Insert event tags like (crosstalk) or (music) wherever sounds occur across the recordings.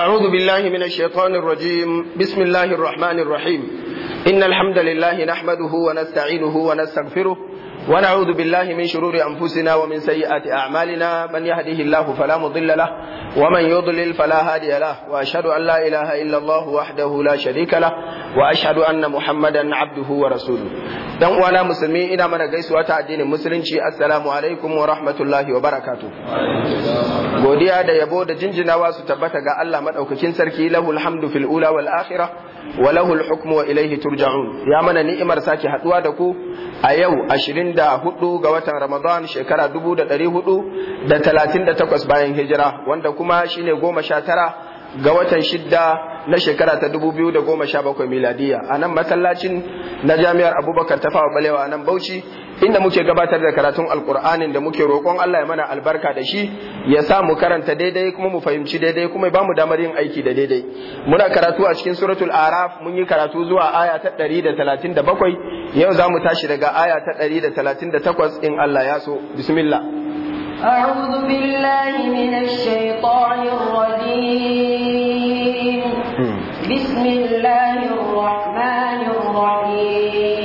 أعوذ بالله من الشيطان الرجيم بسم الله الرحمن الرحيم إن الحمد لله نحمده ونستعينه ونستغفره ونعوذ بالله من شرور أنفسنا ومن سيئات أعمالنا من يهده الله فلا مضل له ومن يضلل فلا هادي له وأشهد أن لا إله إلا الله وحده لا شريك له وأشهد أن محمدا عبده ورسوله دم وانا مسلمين إنا من قيس وتعدين مسلم السلام عليكم ورحمة الله وبركاته godiya da yabo da jinjinawa su tabbata ga Allah madaukakin sarki lahul hamdu fil ula wal akhirah walahu hukmu wa ilayhi turja'un ya mana ni'imar sake haduwa da ku a yau 24 ga watan Ramadan shekara 1438 bayan hijira wanda kuma shine 19 ga watan shidda na shekara ta 2017 miladiya a nan masallacin na jami'ar Abubakar Tafawa Balewa a nan Bauchi inda muke gabatar da karatun alkur'anin da muke roƙon Allah ya mana albarka da shi ya sa mu karanta daidai kuma mu fahimci daidai kuma ba mu damar yin aiki da daidai muna karatu a cikin suratul araf mun yi karatu zuwa aya ta 137 yau za mu tashi daga aya ta 138 in Allah ya so bismillah أعوذ بالله من الشيطان الرجيم hmm. بسم الله الرحمن الرحيم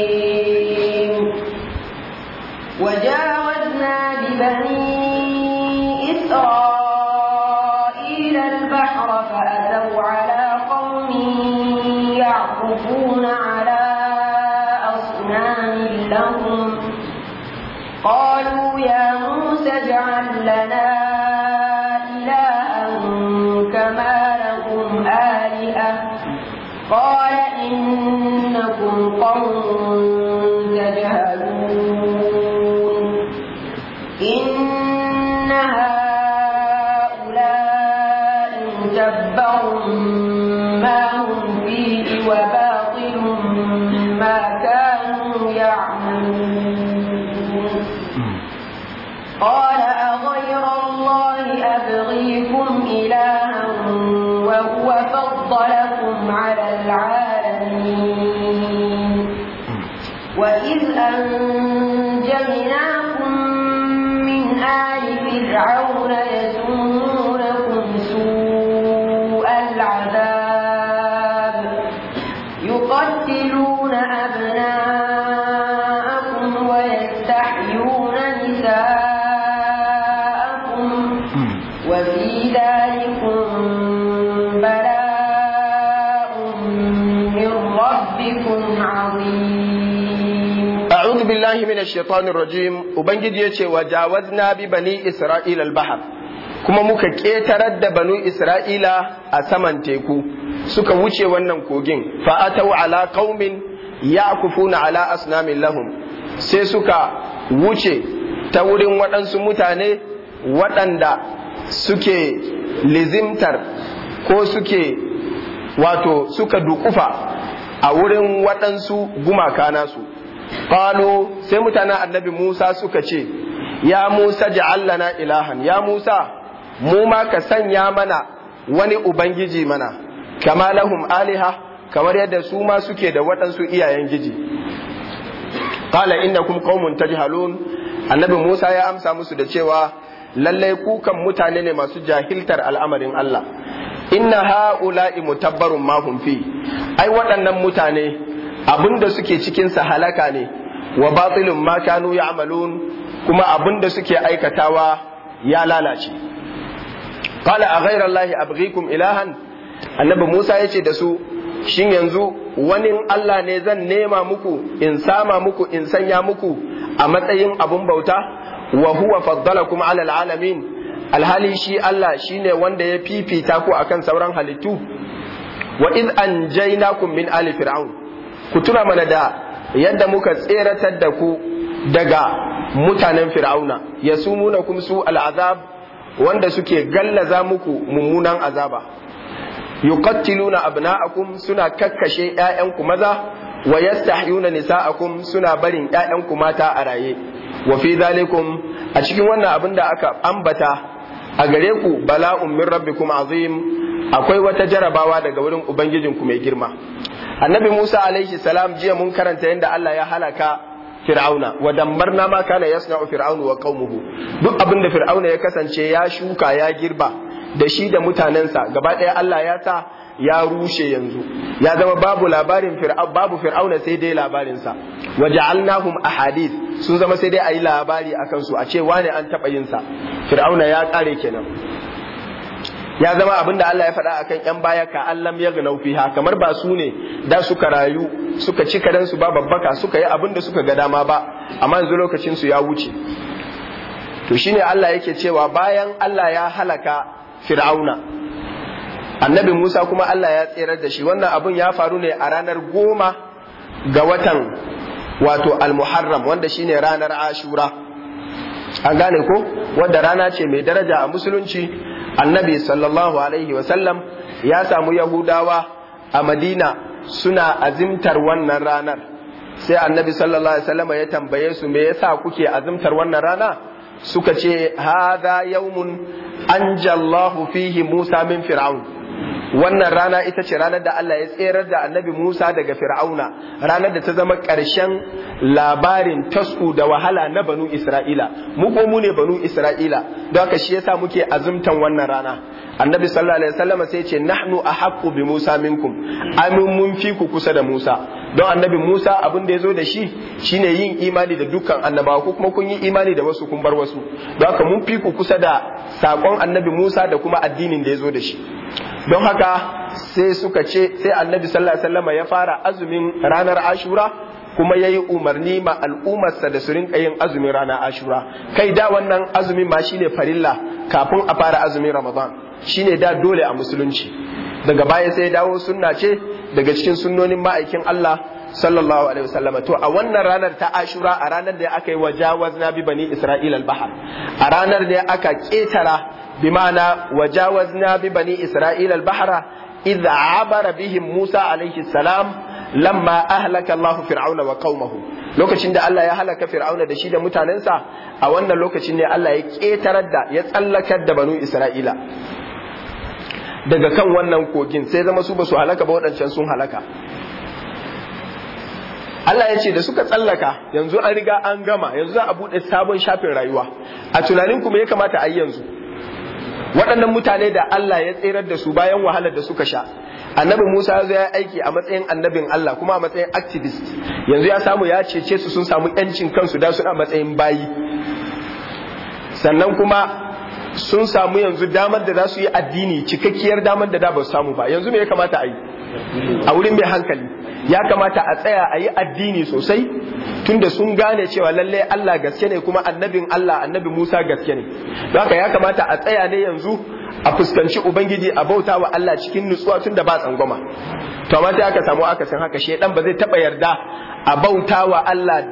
وجاوزنا ببني إسرائيل البحر فأتوا على قوم يعكفون على أصنام لهم قالوا يا موسى اجعل لنا إلها كما لهم آلهة قال إنكم قوم تجهلون فضلكم على العالمين وإذ أنتم minash rajim ubangiji yace wa jawazna bi bani isra'ila al-bahr kuma muka ketarar da banu isra'ila a saman teku suka wuce wannan kogin fa atau ala qaumin ya'kufuna ala asnamin lahum sai suka wuce ta wurin waɗansu mutane waɗanda suke lizimtar ko suke wato suka dukufa a wurin waɗansu gumaka nasu qalu sai mutanen annabi Musa suka ce ya Musa ja'al lana ilahan ya Musa mu ma ka sanya mana wani ubangiji mana kama lahum aliha kamar yadda su ma suke da waɗansu iyayen giji qala innakum qaumun tajhalun annabi Musa ya amsa musu da cewa lallai kukan mutane ne masu jahiltar al'amarin Allah inna ha'ula'i mutabbarun ma hum fi ai waɗannan mutane abinda suke cikin sa halaka ne wa batilun ma kanu ya'malun kuma abinda suke aikatawa ya lalace qala a ghayra allahi abghikum ilahan annabi musa ya ce da su shin yanzu wani Allah ne zan nema muku in sama muku in sanya muku a matsayin abun bauta wa huwa kuma ala alalamin alhali shi Allah shine wanda ya fifita ku akan sauran halittu wa id anjaynakum min ali fir'aun ku tuna mana da yadda muka tseratar da ku daga mutanen fir'auna ya sumuna kuma su al'azab wanda suke gallaza muku mummunan azaba yuqattiluna abna'akum suna kakkashe 'ya'yanku maza wa nisa nisa'akum suna barin ƴaƴanku mata a raye wa fi zalikum a cikin wannan abin da aka ambata a gare ku bala'un min rabbikum azim akwai wata jarabawa daga wurin ubangijinku mai girma annabi Musa alaihi salam jiya mun karanta yadda Allah ya halaka Fir'auna wa dambarna ma kana yasna'u Fir'aunu wa qaumuhu duk abin da Fir'auna ya kasance ya shuka ya girba da shi da mutanensa gaba ɗaya Allah ya sa ya rushe yanzu ya zama babu labarin babu fir'auna sai dai labarinsa wa ja'alnahum ahadith sun zama sai dai ayi labari akan su a ce wane an taba yin sa fir'auna ya kare kenan ya zama abin da Allah ya faɗa akan ƴan baya ka allam ya gina fiha kamar ba su ne da suka rayu suka ci karensu su ba babbaka suka yi abin da suka ga dama ba amma yanzu lokacin su ya wuce to shine Allah yake cewa bayan Allah ya halaka fir'auna annabi Musa kuma Allah ya tsirar da shi wannan abun ya faru ne a ranar goma ga watan wato al-muharram wanda shine ranar ashura an gane ko wanda rana ce mai daraja a musulunci annabi sallallahu alaihi wasallam ya samu yahudawa a madina suna azimtar wannan ranar sai annabi sallallahu alaihi wasallam ya tambaye su me yasa kuke azimtar wannan rana suka ce hadha yawmun anjallahu fihi musa min fir'aun wannan rana ita ce ranar da Allah ya tserar da annabi Musa daga Fir'auna ranar da ta zama ƙarshen labarin tasku da wahala na banu Isra'ila mu ko mu ne banu Isra'ila don haka shi yasa muke azumtan wannan rana annabi sallallahu alaihi wasallam sai ce nahnu ahaqqu bi Musa minkum amin mun fi ku kusa da Musa don annabi Musa abin da yazo da shi shine yin imani da dukkan annabawa ko kuma kun yi imani da wasu kun bar wasu don haka mun fi ku kusa da sakon annabi Musa da kuma addinin da yazo da shi don haka sai suka ce sai annabi sallallahu alaihi wasallam ya fara azumin ranar Ashura kuma yayi umarni ma al'ummarsa da su rinka yin azumin ranar ashura kai da wannan azumin ma shine farilla kafin a fara azumin ramadan shine da dole a musulunci daga baya sai dawo sunna ce daga cikin sunnonin ma'aikin Allah sallallahu alaihi wasallam to a wannan ranar ta Ashura a ranar da aka yi wajawaz na bi bani Isra'ila al a ranar da aka ƙetara bi ma'ana wajawaz bi bani israila al-bahra idza abara bihim Musa alaihi salam lamma ahlaka Allahu fir'auna wa qaumahu lokacin da Allah ya halaka fir'auna da shi da mutanensa a wannan lokacin ne Allah ya ketarar da ya tsallakar da banu Isra'ila daga kan wannan kogin sai zama su ba su halaka ba waɗancan sun halaka Allah ya ce da suka tsallaka yanzu an riga an gama yanzu za a buɗe sabon shafin rayuwa a tunanin kuma ya kamata a yi yanzu waɗannan mutane da Allah ya tserar da su bayan wahalar da suka sha annabi Musa ya ya aiki a matsayin annabin Allah kuma a matsayin activist yanzu ya samu ya cece su sun samu yancin kansu da suna matsayin bayi sannan kuma sun samu yanzu damar da za su yi addini cikakkiyar damar da da ba samu ba yanzu me ya kamata a yi a wurin mai hankali ya kamata a tsaya a yi addini sosai tunda sun gane cewa lallai Allah gaske ne kuma annabin Allah annabi Musa gaske ne don haka ya kamata a tsaya ne yanzu a fuskanci ubangiji a bauta wa Allah cikin nutsuwa tunda ba tsangwama to amma sai aka samu aka san haka shedan ba zai taba yarda a bauta wa Allah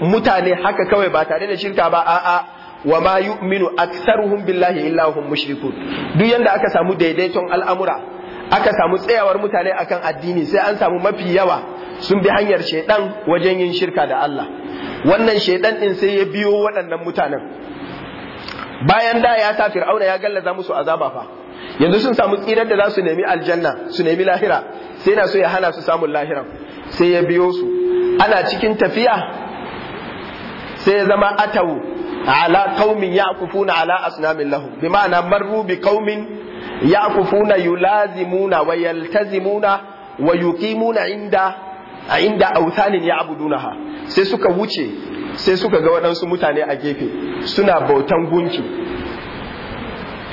mutane haka kawai ba tare da shirka ba a'a wa ma yu'minu aktsaruhum billahi illa hum mushrikun duk yanda aka samu daidaiton al'amura aka samu tsayawar mutane akan addini sai an samu mafi yawa sun bi hanyar shaidan wajen yin shirka da Allah wannan shaidan din sai ya biyo waɗannan mutanen bayan da ya ta fir'auna ya gallaza musu azaba fa yanzu sun samu tsirar da za su nemi aljanna su nemi lahira sai na so ya hana su samun lahira sai ya biyo su ana cikin tafiya sai ya zama atawu ala qaumin yaqufuna ala asnamin lahum bi marru bi qaumin yaqufuna yulazimuna wa yaltazimuna wa yuqimuna inda inda authanin abudunaha sai suka wuce sai suka ga waɗansu mutane a gefe suna bautan gunki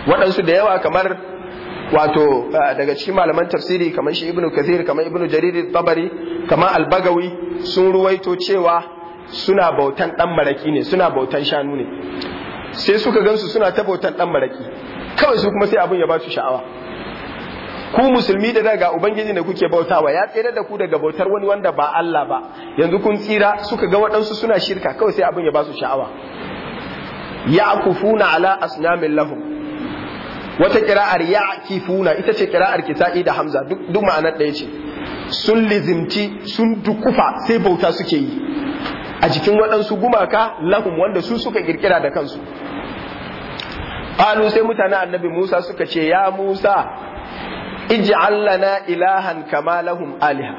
waɗansu da yawa kamar wato daga cikin malaman tafsiri kamar shi ibnu kathir kamar ibnu jarir tabari kamar albagawi sun ruwaito cewa suna bautan dan maraki ne suna bautan shanu ne sai suka gansu suna ta bautan dan maraki kawai su kuma sai abin ya ba su sha'awa ku musulmi da daga ubangiji ne kuke bautawa ya tsere da ku daga bautar wani wanda ba Allah ba yanzu kun tsira suka ga waɗansu suna shirka kawai sai abin ya ba su sha'awa ya kufuna ala asnamin lahum wata kira'ar ya kifuna ita ce kira'ar kita'i da hamza duk ma'anar ɗaya ce sun lizimci sun dukufa sai bauta suke yi a jikin waɗansu gumaka lahum wanda su suka kirkira da kansu ƙalu sai mutane annabi Musa suka ce ya Musa Allah na ilahan kama lahum aliha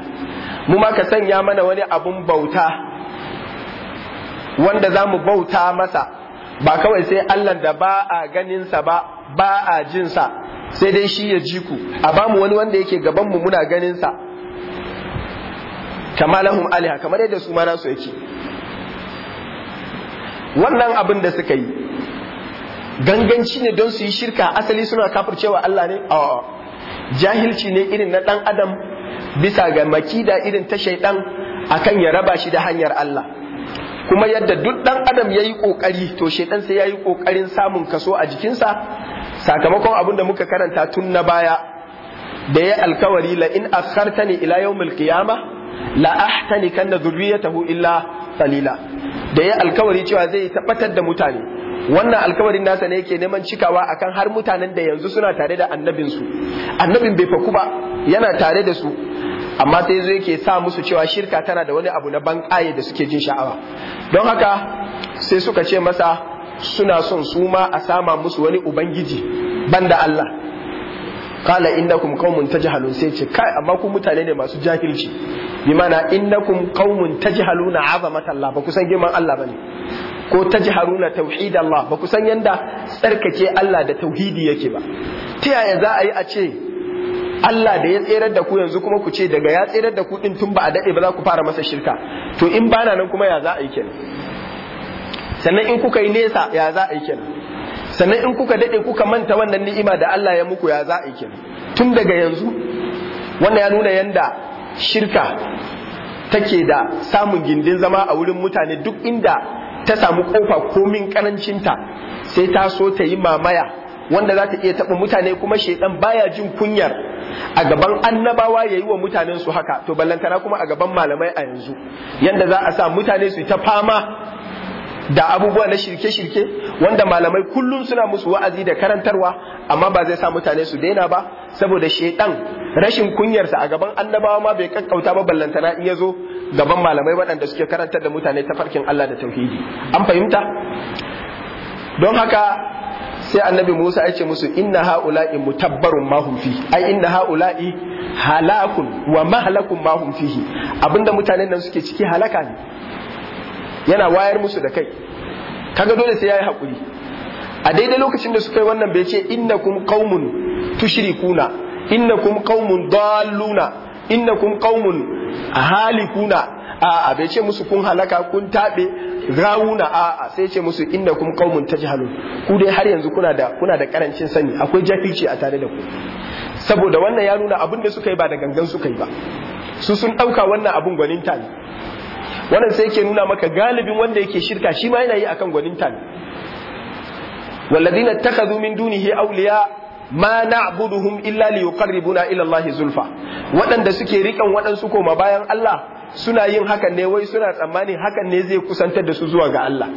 mu ma ka sanya mana wani abun bauta wanda za mu bauta masa ba kawai sai Allah da ba a ganinsa ba ba a jinsa sai dai shi ya jiku. ku a bamu wani wanda yake gabanmu muna ganinsa kama lahum aliha kamar yadda su ma nasu yake wannan abin da suka yi ganganci ne don su yi shirka asali suna kafircewa Allah ne a jahilci ne irin na ɗan adam bisa ga makida irin ta shaidan akan ya raba shi da hanyar Allah kuma yadda duk ɗan adam yayi kokari to shaidan sai yayi kokarin samun kaso a jikinsa sakamakon abin da muka karanta tun na baya da ya alkawari la in ne ila yawmil qiyamah la ahtanikanna dhurriyyatahu illa qalila da ya alkawari cewa zai tabbatar da mutane wannan alkawarin nasa ne yake neman cikawa akan har mutanen da yanzu suna tare da annabin su annabin bai faku ba yana tare da su amma sai zo yake sa musu cewa shirka tana da wani abu na banƙaye da suke jin sha'awa don haka sai suka ce masa suna son su ma a sama musu wani ubangiji banda Allah qala innakum qaumun tajhalun sai ce kai amma ku mutane ne masu jahilci bi mana innakum qaumun tajhaluna azamata Allah ba ku san girman Allah bane ko tajharuna tauhid Allah ba ku san yanda tsarkake Allah da tauhidi yake ba ta yaya za a yi a ce Allah da ya tserar da ku yanzu kuma ku ce daga ya tserar da ku din tun ba a dade ba za ku fara masa shirka to in bana nan kuma ya za a yi kenan sannan in kuka yi nesa ya za a yi kenan sannan in kuka dade kuka manta wannan ni'ima da Allah ya muku ya za a tun daga yanzu wannan ya nuna yanda shirka take da samun gindin zama a wurin mutane duk inda ta samu kofa komin karancinta sai ta so ta yi mamaya wanda za ta iya taɓa mutane kuma shaidan baya jin kunyar a gaban annabawa ya yi wa mutanen su haka to ballantana kuma a gaban malamai a yanzu yanda za a sa mutane su ta fama da abubuwa na shirke-shirke wanda malamai kullum suna musu wa'azi da karantarwa amma ba zai sa mutane su daina ba saboda shaidan rashin kunyarsa a gaban annabawa ma bai kakkauta ba ballantana in yazo gaban malamai waɗanda suke karantar da mutane ta farkin Allah da tauhidi an fahimta don haka sai annabi Musa ya ce musu inna haula'i mutabbarun ma hum fi ai inna haula'i halakun wa mahlakun ma hum fihi abinda mutanen nan suke ciki halaka ne yana wayar musu da kai kaga dole sai yayi hakuri a daidai lokacin da suka yi wannan bai ce innakum qaumun tushrikuna innakum qaumun dalluna innakum qaumun halikuna a a bai ce musu kun halaka kun tabe rawuna a a sai ce musu innakum qaumun tajhalun ku dai har yanzu kuna da kuna da karancin sani akwai jafici a tare da ku saboda wannan ya nuna abin da suka yi ba da gangan suka yi ba su sun dauka wannan abun gwaninta ne wannan sai yake nuna maka galibin wanda yake shirka shi ma yana yi akan ta ne walladina takhadhu min dunihi awliya ma na'buduhum illa liyuqarribuna ila Allah zulfa Wadanda suke rikan waɗansu koma bayan Allah suna yin hakan ne wai suna tsammanin hakan ne zai kusantar da su zuwa ga Allah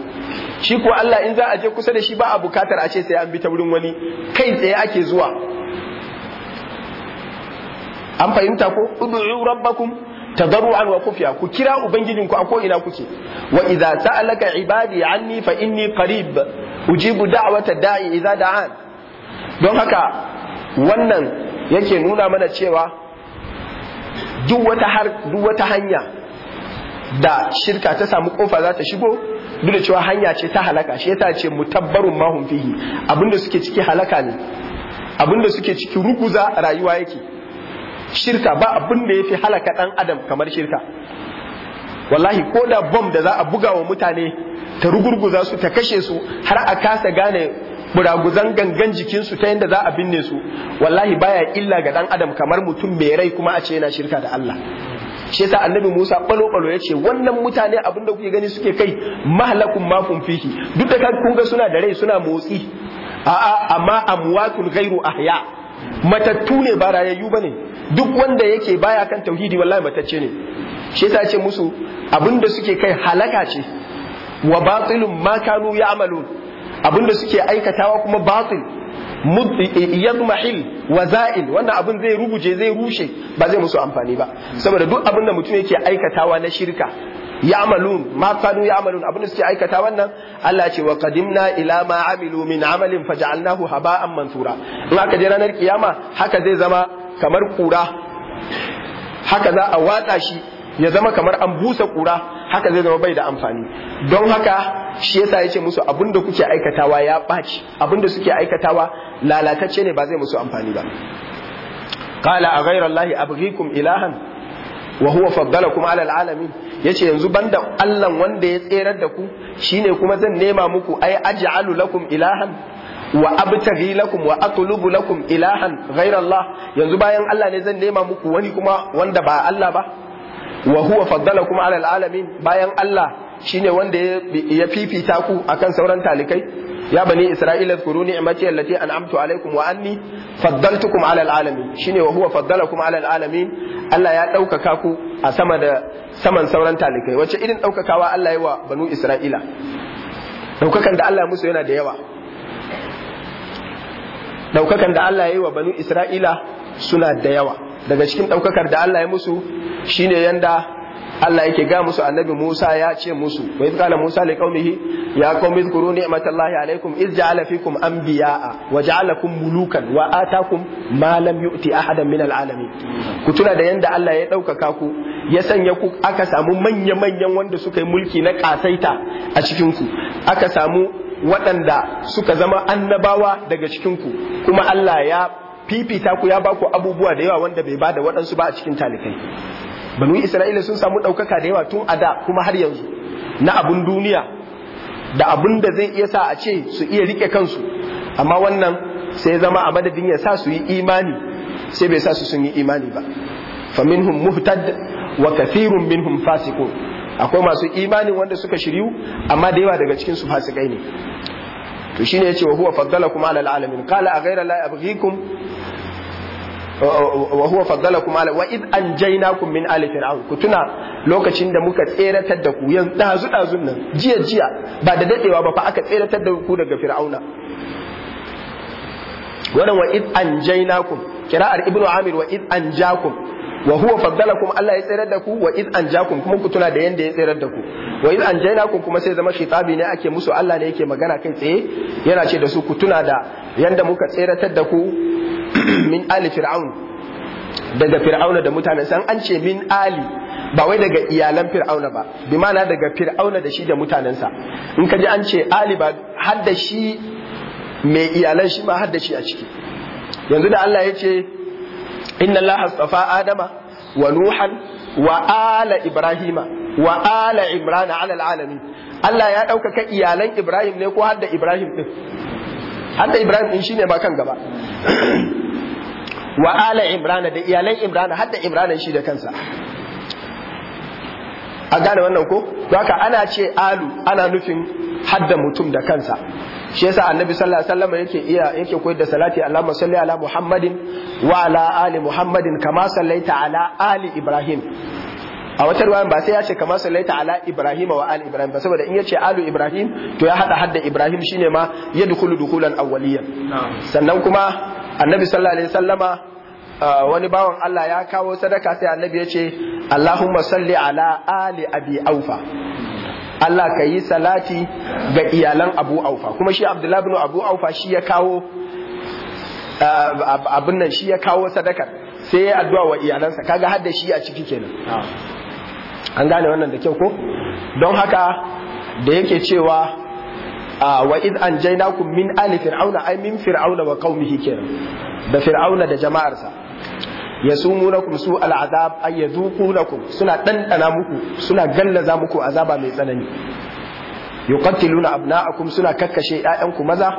shi ko Allah in za a je kusa da shi ba a bukatar a ce sai an bi ta wurin wani kai tsaye ake zuwa an fahimta ko ud'u rabbakum tadarru'an wa kufiya ku kira ku a ko ina kuke wa idza sa'alaka ibadi anni fa inni qarib ujibu da'wata da'i idza da'an don haka wannan yake nuna mana cewa duk wata har duk wata hanya da shirka ta samu kofa za ta shigo duk da cewa hanya ce ta halaka shi yasa ce mutabbarun mahum fihi abinda suke ciki halaka ne abinda suke ciki ruguza rayuwa yake shirka ba abin da ya fi halaka ɗan adam kamar shirka wallahi ko da bom da za a buga wa mutane ta rugurguza su ta kashe su har a kasa gane buraguzan gangan jikinsu ta yadda za a binne su wallahi baya illa ga ɗan adam kamar mutum mai rai kuma a ce yana shirka da Allah shi yasa annabi Musa balo balo ya ce wannan mutane abin kuke gani suke kai mahalakun mafun fiki duk da kan kunga suna da rai suna motsi a'a amma amwatul ghairu ahya matattu ne ba rayayyu ne duk wanda yake baya kan tauhidi wallahi matacce ne shi yasa ce musu abinda suke kai halaka ce wa batilun ma kanu amalu abinda suke aikatawa kuma batil mahil wa za'il wannan abin zai rubuje zai rushe ba zai musu amfani ba saboda duk abinda mutum yake aikatawa na shirka ya'malun ma kanu ya'malun abin da suke aikata wannan Allah ce wa qadimna ila ma amilu min amalin faj'alnahu haba'an mansura in aka je ranar kiyama haka zai zama kamar kura haka za a watsa shi ya zama kamar an busa kura haka zai zama bai da amfani don haka shi yasa yace musu abinda kuke aikatawa ya ɓaci abinda suke aikatawa lalatacce ne ba zai musu amfani ba qala a ghayra allahi abghikum ilahan wa huwa faddalakum ala alamin yace yanzu banda Allah wanda ya tserar da ku shine kuma zan nema muku ai aj'alu lakum ilahan wa abtaghi lakum wa atlubu lakum ilahan ghayra Allah yanzu bayan Allah ne zan nema muku wani kuma wanda ba Allah ba wa huwa faddalakum ala alamin bayan Allah shine wanda ya fifita ku akan sauran talikai ya bani isra'ila zkuru ni'mati allati an'amtu alaikum wa anni faddaltukum ala alalamin shine wa huwa faddalakum ala alalamin Allah ya ɗaukaka ku a sama da saman sauran talikai wace irin daukakawa Allah ya wa banu isra'ila daukakan da Allah ya yi wa banu isra'ila suna da yawa daga cikin daukakar da Allah ya musu shine yanda Allah yake ga musu annabi Musa ya ce musu wa idh qala Musa qaumihi ya qaumi izkuru ni'matallahi alaikum iz ja'ala fikum anbiya'a wa ja'alakum mulukan wa atakum ma lam yu'ti ahadan min alalamin ku tuna da yanda Allah ya ɗaukaka ku ya sanya ku aka samu manya manyan wanda suka yi mulki na kasaita a cikin ku aka samu waɗanda suka zama annabawa daga cikin ku kuma Allah ya fifita ku ya ba ku abubuwa da yawa wanda bai ba da waɗansu ba a cikin talikai banu isra'ila sun samu ɗaukaka da yawa tun a da kuma har yanzu na abun duniya da abun da zai iya sa a ce su iya rike kansu amma wannan sai zama a madadin ya sa su yi imani sai bai sa su sun yi imani ba fa minhum muhtad wa kathirun minhum fasiqun akwai masu imani wanda suka shiryu amma da yawa daga cikin su fasikai ne to shine yace wa huwa kuma ala alamin qala a ghayra la abghikum wa huwa faddalakum ala wa id anjaynakum min ali fir'aun ku tuna lokacin da muka tseratar da ku yan dazu dazun nan jiya jiya ba da dadewa ba fa aka tseratar da ku daga fir'auna wannan wa id kira ar ibnu amir wa id anjakum wa huwa faddalakum Allah ya tsirar da ku wa id jakum kuma ku tuna da yanda ya tsirar da ku wa id ku kuma sai zama shitabi ne ake musu Allah ne yake magana kai tsaye yana ce da su ku tuna da yanda muka tseratar da ku (clears throat) min ali fir'aun daga fir'auna da mutanen san an ce min ali ba wai daga iyalan fir'auna ba bi ma'ana daga fir'auna da shi da mutanensa in ka ji an ce ali ba har da shi mai iyalan shi ma har da shi a ciki yanzu da Allah ya ce inna Allah astafa adama wa nuhan wa ala ibrahima wa ala imrana ala alalami Allah ya ɗaukaka iyalan Ibrahim ne ko hada Ibrahim ɗin hadda Ibrahim ɗin ne ba kan gaba (clears throat) wa ala imrana da iyalan imrana hadda imrana shi da kansa a gane wannan ko haka ana ce alu ana nufin hada mutum da kansa shi yasa annabi sallallahu alaihi wasallam yake iya yake koyar da salati Allahumma salli ala Muhammadin wa ala ali Muhammadin kama sallaita ala ali Ibrahim a wata ruwan ba sai ya ce kama sallaita ala Ibrahim wa ali Ibrahim ba saboda in yace alu Ibrahim to ya hada hadda Ibrahim shine ma ya dukulu dukulan awwaliyan sannan kuma annabi sallallahu alaihi wasallama wani bawan Allah ya kawo sadaka sai annabi ya ce Allahumma salli ala ali abi aufa Allah ka yi salati ga iyalan Abu Aufa kuma shi Abdullahi bin Abu Aufa shi ya kawo abin nan shi ya kawo sadakar sai ya addu'a wa iyalansa kaga har da shi a ciki kenan an gane wannan da kyau ko don haka da yake cewa wa id anjaynakum min ali fir'auna ay min fir'auna wa qaumihi kenan da fir'auna da jama'arsa yasumunakum su al'azab ay suna dandana muku suna gallaza muku azaba mai tsanani yuqatiluna abna'akum suna kakkashe ƴaƴanku maza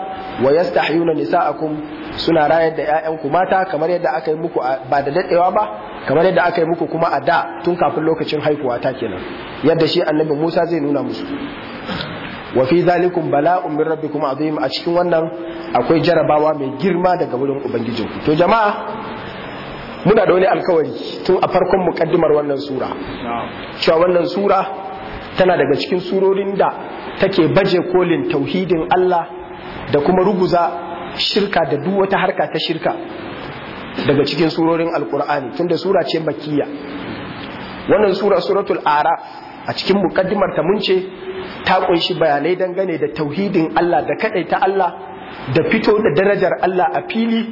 wa yastahiyuna nisa'akum suna rayar da ƴaƴanku mata kamar yadda aka yi muku ba da dadewa ba kamar yadda aka yi muku kuma a da tun kafin lokacin haihuwa ta kenan yadda shi annabi Musa zai nuna musu wa fi zalikum bala'un min rabbikum azim a cikin wannan akwai jarabawa mai girma daga wurin ubangijinku to jama'a muna da wani alkawari tun a farkon mukaddimar wannan sura cewa wannan sura tana daga cikin surorin da take baje kolin tauhidin Allah da kuma ruguza shirka da duk wata harka ta shirka daga cikin surorin alkur'ani tunda sura ce makkiya wannan sura suratul ara a cikin mukaddimar ta mun ce ta kunshi bayanai dangane da tauhidin Allah da kadaita Allah da fito da darajar Allah a fili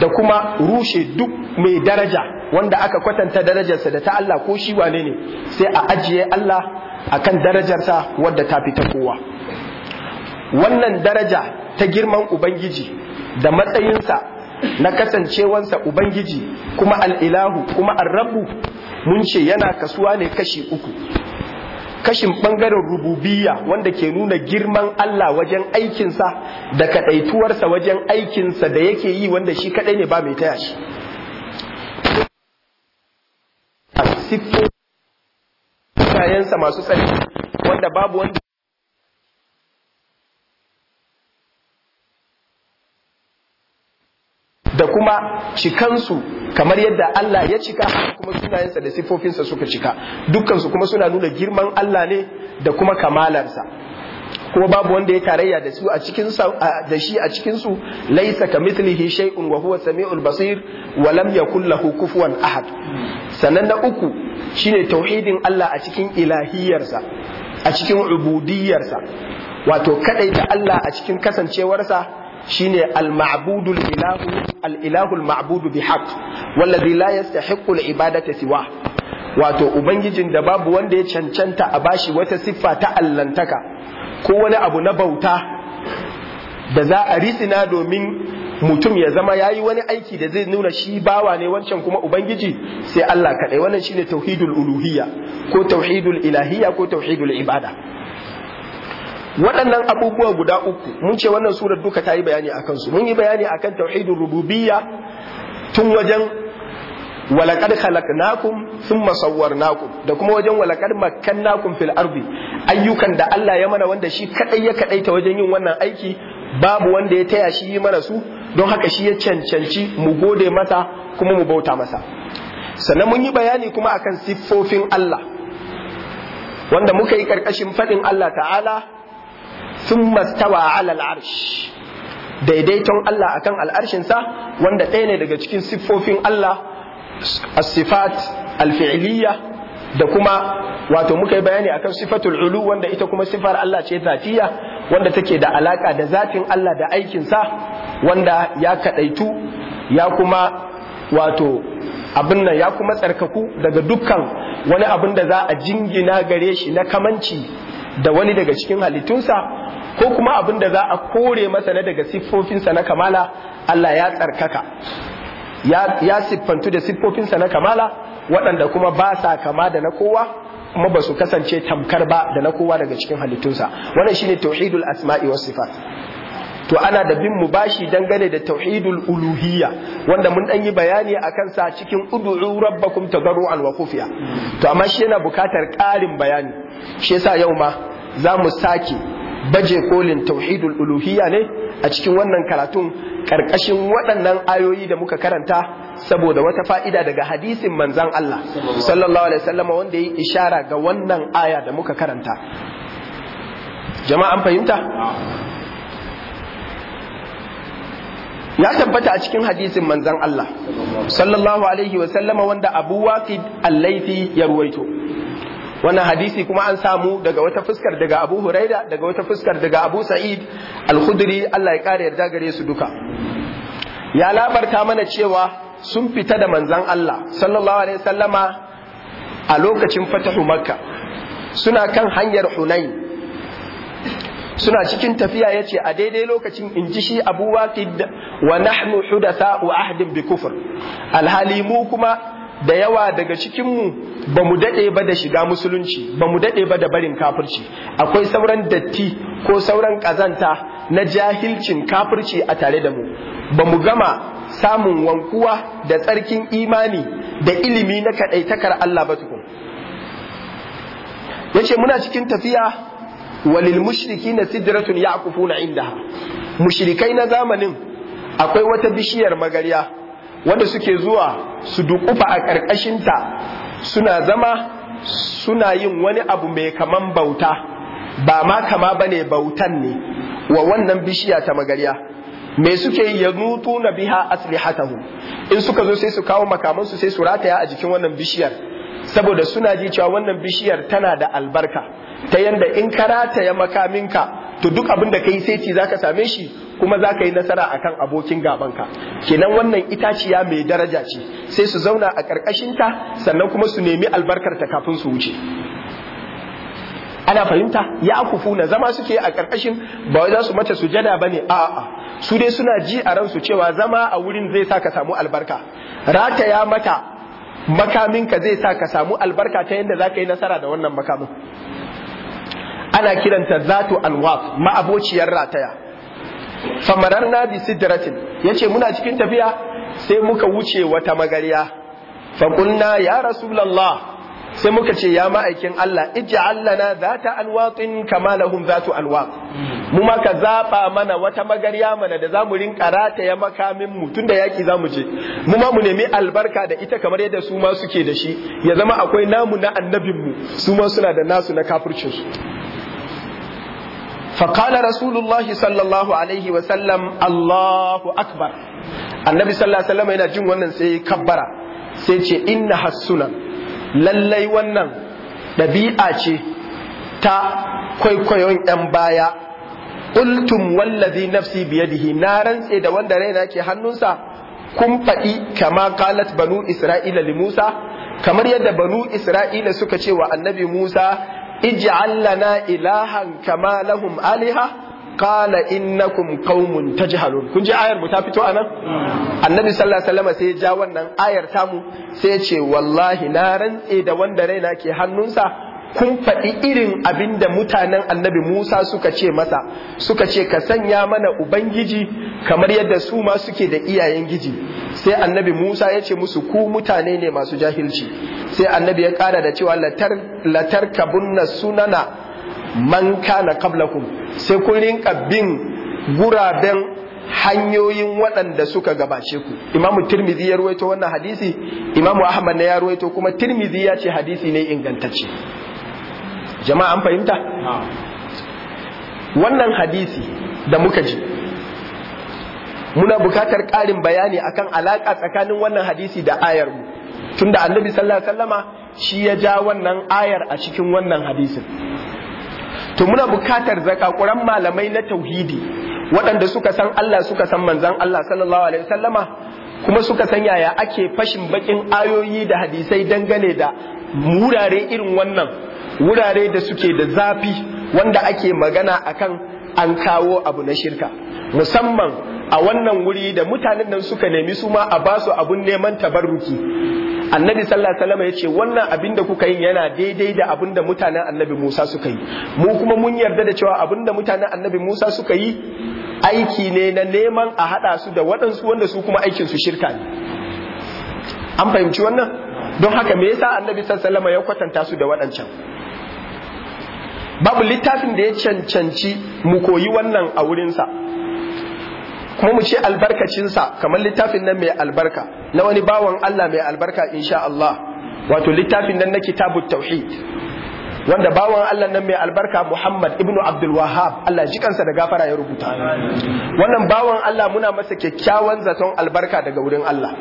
da kuma rushe duk mai daraja wanda aka kwatanta darajarsa da ta Allah ko shi wane ne sai a ajiye Allah akan darajarsa wadda ta fi ta kowa wannan daraja ta girman ubangiji da matsayinsa na kasancewansa ubangiji kuma al'ilahu kuma rabbu mun ce yana kasuwa ne kashi uku kashin ɓangaren rububiyya wanda ke nuna girman Allah wajen aikinsa da kaɗaituwarsa wajen aikinsa da yake yi wanda shi kaɗai ne ba mai taya shi. Siffofinsa masu tsari wanda babu wanda da kuma cikansu kamar yadda Allah ya cika kuma sunayensa da sifofinsa suka cika dukkansu kuma suna nuna girman Allah ne da kuma kamalarsa kuma babu wanda ya tarayya da su a cikin da shi a cikin su laisa mithlihi shay'un wa huwa samiul basir wa lam yakul lahu kufuwan ahad sannan na uku shine tauhidin Allah a cikin ilahiyarsa a cikin ubudiyarsa wato kadai da Allah a cikin kasancewarsa shine al-ma'budu al-ilahu al-ilahu al-ma'budu bi haqq wallazi la yastahiqqu al-ibadata siwa wato ubangijin da babu wanda ya cancanta a bashi wata siffa ta allantaka ko wani abu na bauta da za a ritsina domin mutum ya zama ya yi wani aiki da zai nuna shi bawa ne wancan kuma ubangiji sai Allah kaɗai wannan shine tauhidul uluhiyya ko tauhidul ilahiyya ko tauhidul ibada waɗannan abubuwa guda uku mun ce wannan surar duka ta yi bayani a kansu mun yi bayani a kan tauhidin Rububiya tun wajen walakad sun masauwar naku. da kuma wajen makan makkannakum fil arbi ayyukan da Allah ya mana wanda shi kadai ya ta wajen yin wannan aiki babu wanda ya taya shi yi mana don haka shi ya cancanci mu gode masa kuma mu bauta masa sannan mun yi bayani kuma akan siffofin Allah wanda muka yi karkashin faɗin Allah ta'ala sun mastawa alal arsh daidaiton Allah akan al'arshinsa wanda ɗaya ne daga cikin siffofin Allah as-sifat al-fi'liyya da kuma wato muka yi bayani akan sifatul ulu wanda ita kuma sifar Allah ce zatiya wanda take da alaka da zatin Allah da aikinsa wanda ya kadaitu ya kuma wato abin nan ya kuma tsarkaku daga dukkan wani abin da za a jingina gare shi na kamanci da wani daga cikin halittunsa ko kuma abin da za a kore masa na daga siffofinsa na kamala Allah ya tsarkaka ya siffantu da siffofinsa na kamala waɗanda kuma ba sa kama da na kowa kuma ba su kasance tamkar ba da na kowa daga cikin halittunsa wannan shine tauhidul asma'i was sifat to ana da bin mu bashi dangane da tauhidul uluhiyya wanda mun dan yi bayani akan sa cikin ud'u rabbakum tadarruan wa khufiya to amma shi yana bukatar ƙarin bayani shi yasa yau ma za mu sake baje kolin tauhidul uluhiyya ne a cikin wannan karatun karkashin waɗannan ayoyi da muka karanta saboda wata fa'ida daga hadisin manzan Allah sallallahu alaihi wasallam wanda ya yi ishara ga wannan aya da muka karanta jama'a an fahimta ya tabbata a cikin hadisin manzan Allah sallallahu alaihi wa sallama wanda Abu Waqid al-Laythi ya ruwaito wannan hadisi kuma an samu daga wata fuskar daga Abu Huraira daga wata fuskar daga Abu Sa'id al-Khudri Allah ya kare yarda gare su duka ya labarta mana cewa sun fita da manzan Allah sallallahu alaihi wa sallama a lokacin fatahu makka suna kan hanyar Hunain suna cikin tafiya ya ce a daidai lokacin in ji shi Abu wa nahnu hudatha wa ahdin bi kufur alhali mu kuma da yawa daga cikinmu mu ba mu daɗe ba da shiga musulunci ba mu daɗe ba da barin kafirci akwai sauran datti ko sauran ƙazanta na jahilcin kafirci a tare da mu ba mu gama samun wankuwa da tsarkin imani da ilimi na kaɗaitakar Allah ba tukun yace muna cikin tafiya walil mushriki na sidratun ya na indaha mushrikai na zamanin akwai wata bishiyar magarya wanda suke zuwa su dukufa a ƙarƙashinta suna zama suna yin wani abu mai kaman bauta ba ma kama ba ne bautan ne wa wannan bishiya ta magarya me suke yi ya nutu na biha aslihatahu in suka zo sai su kawo makamansu sai su rataya a jikin wannan bishiyar saboda suna ji cewa wannan bishiyar tana da albarka ta yanda in ka rataya makaminka to duk abin da ka yi sai ka same shi kuma za ka yi nasara a kan abokin gabanka kenan wannan itaciya mai daraja ce sai su zauna a ta sannan kuma su nemi albarkarta kafin su wuce ana fahimta ya akufu na zama suke a ƙarƙashin ba wai za su mata sujada bane a a su dai suna ji a ransu cewa zama a wurin zai sa ka samu albarka rataya mata makaminka zai sa ka samu albarka ta yadda za ka yi nasara da wannan makamin ana kiranta zatu alwaf ma'abociyar rataya famarar na bi sidratin yace muna cikin tafiya sai muka wuce wata magariya Faƙunna kunna ya rasulullah sai muka ce ya ma'aikin Allah ij'al lana zata alwatin kama lahum zatu alwaq mu ma ka zaba mana wata magariya mana da zamu rinka rataya makamin mu tunda yaki zamu je mu ma mu nemi albarka da ita kamar yadda su ma suke da shi ya zama akwai namu na annabinmu suma su ma suna da nasu na kafircin su فقال رسول الله صلى الله عليه وسلم الله أكبر النبي صلى الله عليه وسلم yana jin wannan sai kabbara sai ce inna hasuna. lallai wannan ɗabi'a ce ta kwaikwayon ‘yan baya ultum wallazi nafsi biyadihi na rantse da wanda raina ke hannunsa kun faɗi kama kalat banu isra'ila li musa kamar yadda banu isra'ila suka ce wa annabi musa ij'al lana ilahan kama lahum aliha qala innakum qaumun tajhalun kun ji ayar mu ta fito anan annabi sallallahu alaihi wasallam sai ya ja wannan ayar tamu sai ya ce wallahi na rantse da wanda raina ke hannunsa kun faɗi irin abinda mutanen annabi Musa suka ce masa suka ce ka sanya mana ubangiji kamar yadda su ma suke da iyayen giji sai annabi Musa ya ce musu ku mutane ne masu jahilci sai annabi ya kara da cewa latar kabunna sunana man kana qablakum sai kun rinka bin guraben hanyoyin waɗanda suka gabace ku imamu tirmidhi ya ruwaito wannan hadisi imamu ahmad ne ya ruwaito kuma tirmidhi ya ce hadisi ne ingantacce jama'a an fahimta wannan hadisi da muka ji muna bukatar ƙarin bayani akan alaƙa tsakanin wannan hadisi da ayar mu tunda annabi sallallahu alaihi wasallama shi ya ja wannan ayar a cikin wannan hadisin to muna bukatar zakakuran malamai na tauhidi waɗanda suka san Allah suka san manzan Allah sallallahu alaihi wasallama kuma suka san yaya ake fashin bakin ayoyi da hadisai dangane da wurare irin wannan wurare da suke da zafi wanda ake magana akan an kawo abu na shirka musamman a wannan wuri da mutanen nan suka nemi su ma a ba su abun neman tabarruki annabi sallallahu alaihi wasallam yace wannan abin da kuka yi yana daidai da abin da mutanen annabi Musa suka yi mu kuma mun yarda da cewa abin da mutanen annabi Musa suka yi aiki ne na neman a hada su da waɗansu wanda su kuma aikin su shirka ne an fahimci wannan don haka me yasa annabi sallallahu alaihi wasallam ya kwatanta su da waɗancan babu littafin da ya cancanci mu koyi wannan a wurinsa kuma mu ce albarkacinsa kamar littafin nan mai albarka na wani bawan Allah mai albarka insha Allah wato littafin nan na kitabut tauhid wanda bawan Allah nan mai albarka Muhammad ibn Abdul Wahhab Allah ji kansa da gafara ya rubuta wannan bawan Allah muna masa kyakkyawan zaton albarka daga wurin Allah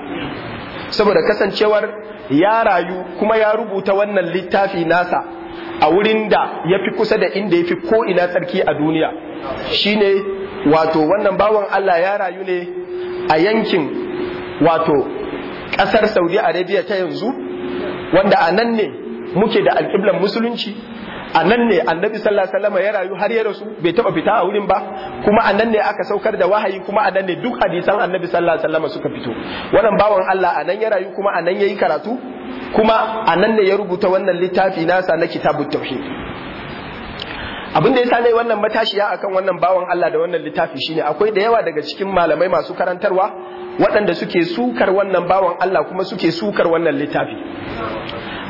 saboda kasancewar ya rayu kuma ya rubuta wannan littafi nasa a wurin da ya fi kusa da inda ya fi ko ina tsarki a duniya shine wato wannan bawan Allah ya rayu ne a yankin wato ƙasar Saudi Arabia ta yanzu wanda a nan ne muke da alƙiblar musulunci a nan ne annabi sallallahu alaihi wasallam ya rayu har ya rasu bai taba fita a wurin ba kuma a nan ne aka saukar da wahayi kuma a nan ne duk hadisan annabi sallallahu alaihi wasallam suka fito wannan bawan Allah a nan ya rayu kuma a nan yayi karatu kuma a nan ne ya rubuta wannan littafi nasa na kitabut tauhid abin da ya sani wannan matashiya akan wannan bawan Allah da wannan littafi shine akwai da yawa daga cikin malamai masu karantarwa waɗanda suke sukar wannan bawan Allah kuma suke sukar wannan littafi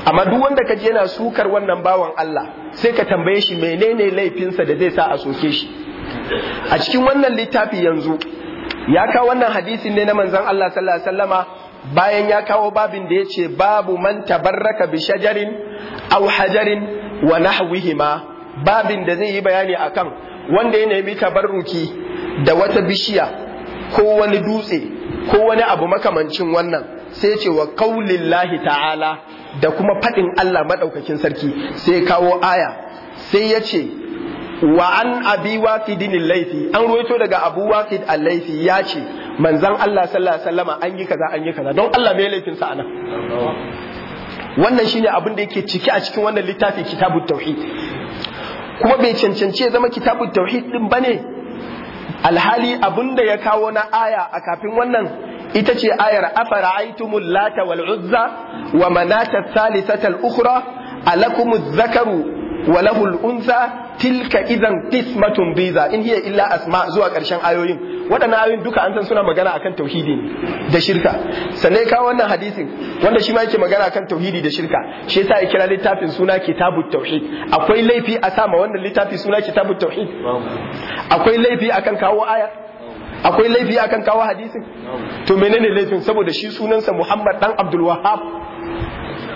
amma duk wanda kaji yana sukar wannan bawan Allah sai ka tambaye shi menene laifinsa da zai sa a soke shi a cikin wannan littafi yanzu ya kawo wannan hadisin ne na manzon Allah sallallahu alaihi wasallama bayan ya kawo babin da yace babu man tabarraka bi shajarin aw hajarin wa nahwihima babin da zai yi bayani akan wanda ya nemi tabarruki da wata bishiya ko wani dutse ko wani abu makamancin wannan sai ce wa kaulillahi ta'ala da kuma faɗin Allah maɗaukakin sarki sai kawo aya sai ya ce wa an abi waqidin laifi an ruwaito daga abu waqid al-laifi ya ce manzon Allah sallallahu alaihi wasallama an yi kaza an yi kaza don Allah mai laifin sa anan wannan shine abin da yake ciki a cikin wannan littafi kitabut tauhid kuma bai cancanci zama kitabut tauhid din bane alhali abin da ya kawo na aya a kafin wannan ita ce ayar afara'aytumul lata wal'uzza uzza wa manata thalithatal ukhra alakumuz zakaru wa unsa tilka idan qismatun biza in hiya illa asma zuwa karshen ayoyin waɗannan ayoyin duka an san suna magana akan tauhidi da shirka sannan kawo wannan hadisin wanda shi ma yake magana akan tauhidi da shirka shi yasa ya kira littafin suna kitabut tauhid akwai laifi a sama wannan littafi suna kitabut tauhid akwai laifi akan kawo aya akwai laifi akan kawo hadisin to menene laifin saboda shi sunansa Muhammad dan Abdul Wahhab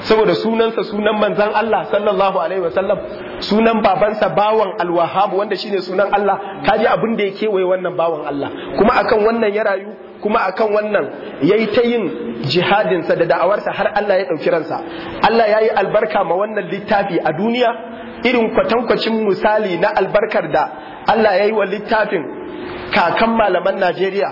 saboda sunansa sunan manzan Allah sallallahu alaihi wasallam sunan babansa bawan Al-Wahhab wanda shine sunan Allah kaji abin da ya kewaye wannan bawan Allah kuma akan wannan ya rayu kuma akan wannan yayi ta yin jihadinsa da da'awarsa har Allah ya ɗauki ransa Allah yayi albarka ma wannan littafi a duniya irin kwatankwacin misali na albarkar da Allah ya yi wa littafin kakan malaman Najeriya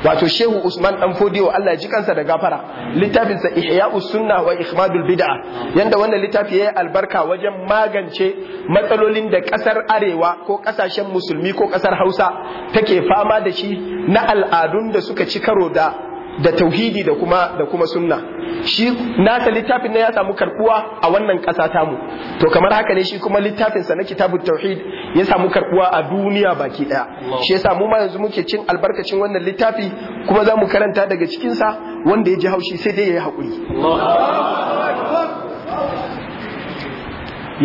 wato Shehu Usman dan Fodiyo Allah ji kansa da gafara littafin sa Ihya'us Sunna wa Ikhmadul Bid'a yanda wannan littafi yayi albarka wajen magance matsalolin da kasar Arewa ko kasashen musulmi ko kasar Hausa take fama da shi na al'adun da suka ci karo da da tauhidi da kuma da kuma sunna shi nasa littafin na ya samu karbuwa a wannan ƙasa mu. to kamar haka ne shi kuma littafin sa na kitabut tauhid ya samu karbuwa a duniya baki daya shi yasa mu ma yanzu muke cin albarkacin wannan littafi kuma zamu karanta daga cikin sa wanda ya ji haushi sai dai ya yi hakuri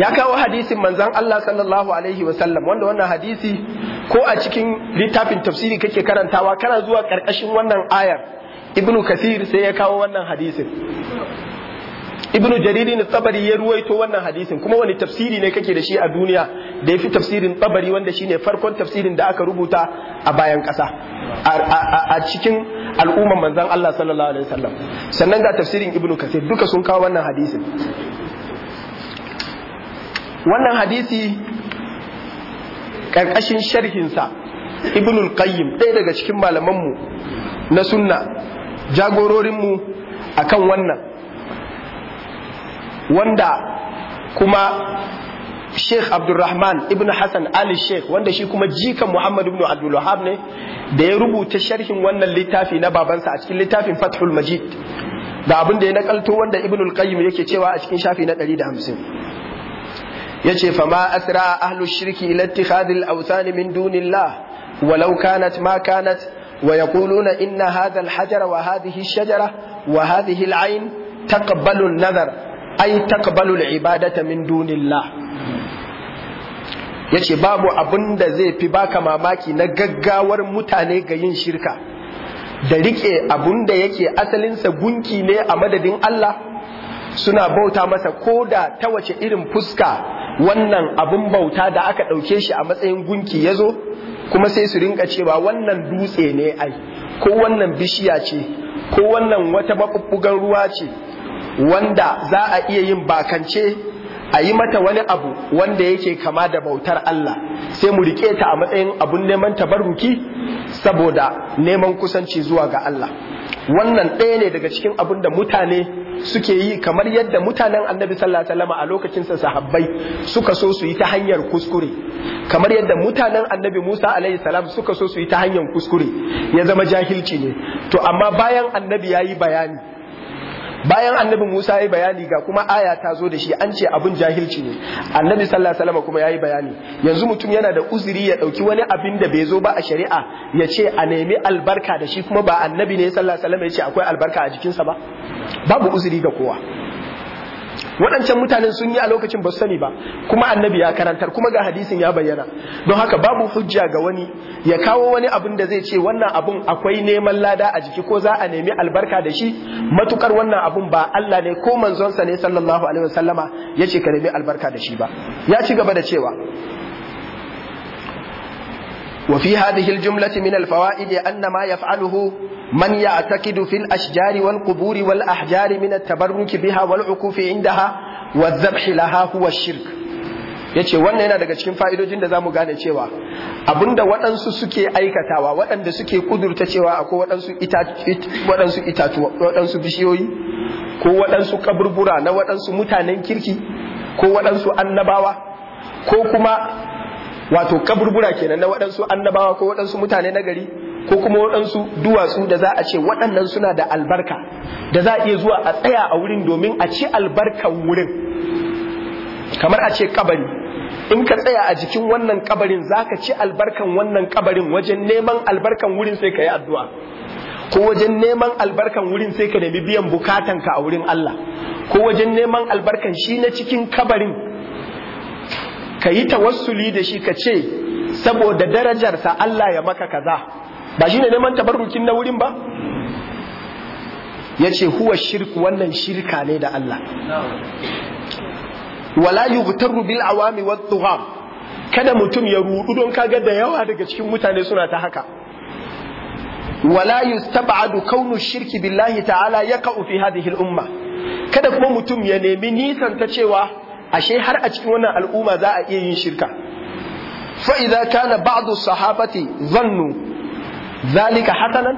ya kawo hadisin manzon Allah sallallahu alaihi wasallam wanda wannan hadisi ko a cikin littafin tafsiri kake karantawa kana zuwa karkashin wannan ayar ibnu kasir sai ya kawo wannan hadisin ibnu na tabari ya ruwaito wannan hadisin kuma wani tafsiri ne kake da shi a duniya da ya fi tafsirin tabari wanda shine farkon tafsirin da aka rubuta a bayan ƙasa a cikin al'umman manzan Allah sallallahu alaihi wasallam sannan ga tafsirin ibnu kasir duka sun kawo wannan hadisin wannan hadisi ƙarƙashin sharhinsa ibnu qayyim ɗaya daga cikin malamanmu na sunna jagororinmu kan wannan wanda kuma Sheikh Abdulrahman ibn Hassan Ali Sheikh wanda shi kuma jikan Muhammadu ibn Abdulwahab ne da ya rubuta sharhin wannan littafi na babansa a cikin littafin Fathul Majid da abin da ya nakalto wanda Ibn al-Qayyim yake cewa a cikin shafi na 150 yace fa ma asra ahlu shirki ila ittikhadil awthan min dunillah walau kanat ma kanat ويقولون إن هذا الحجر وهذه الشجرة وهذه العين تقبل النذر أي تقبل العبادة من دون الله yace babu abun da zai fi baka mamaki na gaggawar mutane ga yin shirka da rike abun da yake asalinsa gunki ne a madadin Allah suna bauta masa ko da ta wace irin fuska wannan abun bauta da aka ɗauke shi a matsayin gunki ya zo kuma sai su rinka cewa wannan dutse ne ai ko wannan bishiya ce ko wannan wata mabubbugan ruwa ce wanda za a iya yin bakance a yi mata wani abu wanda yake kama da bautar Allah sai mu rike ta a matsayin abun neman tabarruki saboda neman kusanci zuwa ga Allah wannan ɗaya ne daga cikin abun da mutane suke yi kamar yadda mutanen annabi sallallahu alaihi wasallam a lokacin sa sahabbai suka so su yi ta hanyar kuskure kamar yadda mutanen annabi Musa alaihi salam suka so su yi ta hanyar kuskure ya zama jahilci ne to amma bayan annabi yayi bayani bayan annabi Musa ya yi bayani ga kuma aya ta zo da shi an ce abin jahilci ne annabi sallallahu alaihi wasallam kuma yayi bayani yanzu mutum yana da uzuri ya dauki wani abin da bai zo ba a shari'a ya ce a nemi albarka da shi kuma ba annabi ne sallallahu alaihi wasallam ya ce akwai albarka a jikinsa ba babu uzuri ga kowa waɗancan mutanen sun yi a lokacin ba sani ba kuma annabi ya karantar kuma ga hadisin ya bayyana don haka babu hujja ga wani ya kawo wani abin da zai ce wannan abun akwai neman lada a jiki ko za a nemi albarka da shi matukar wannan abun ba Allah ne ko manzonsa ne sallallahu alaihi wasallama ya ce ka nemi albarka da shi ba ya ci gaba da cewa وفي هذه الجملة من الفوائد ya ما يفعله من يعتقد في الأشجار والقبور والأحجار من التبرك بها والعكوف عندها biha لها هو الشرك yace wannan yana daga cikin fa'idojin da zamu gane cewa abinda waɗansu suke aikatawa waɗanda suke kudurta cewa akwai waɗansu waɗansu itatuwa waɗansu bishiyoyi ko waɗansu kaburbura na waɗansu mutanen kirki ko waɗansu annabawa ko kuma wato kaburbura kenan na waɗansu annabawa ko waɗansu mutane na gari ko kuma waɗansu duwatsu da za a ce waɗannan suna da albarka da za a iya zuwa a tsaya a wurin domin a ci albarkan wurin kamar a ce kabari in ka tsaya a jikin wannan kabarin za ka ci albarkan wannan kabarin wajen neman albarkan wurin sai ka yi addu'a ko wajen neman albarkan wurin sai ka nemi biyan bukatanka a wurin Allah ko wajen neman albarkan shi na cikin kabarin ka yi tawassuli da shi ka ce saboda darajarsa Allah ya maka kaza ba shi ne neman tabarrukin na wurin ba yace huwa shirku wannan shirka ne da Allah wala yughtaru bil awami wat kada mutum ya rudu don kaga da yawa daga cikin mutane suna ta haka wala yustab'adu kaunu shirki billahi ta'ala ya kaufi hadhihi al umma kada kuma mutum ya nemi nisan ta cewa ashe har a cikin wannan al'umma za a iya yin shirka fa idza kana ba'du sahabati zannu zalika hasanan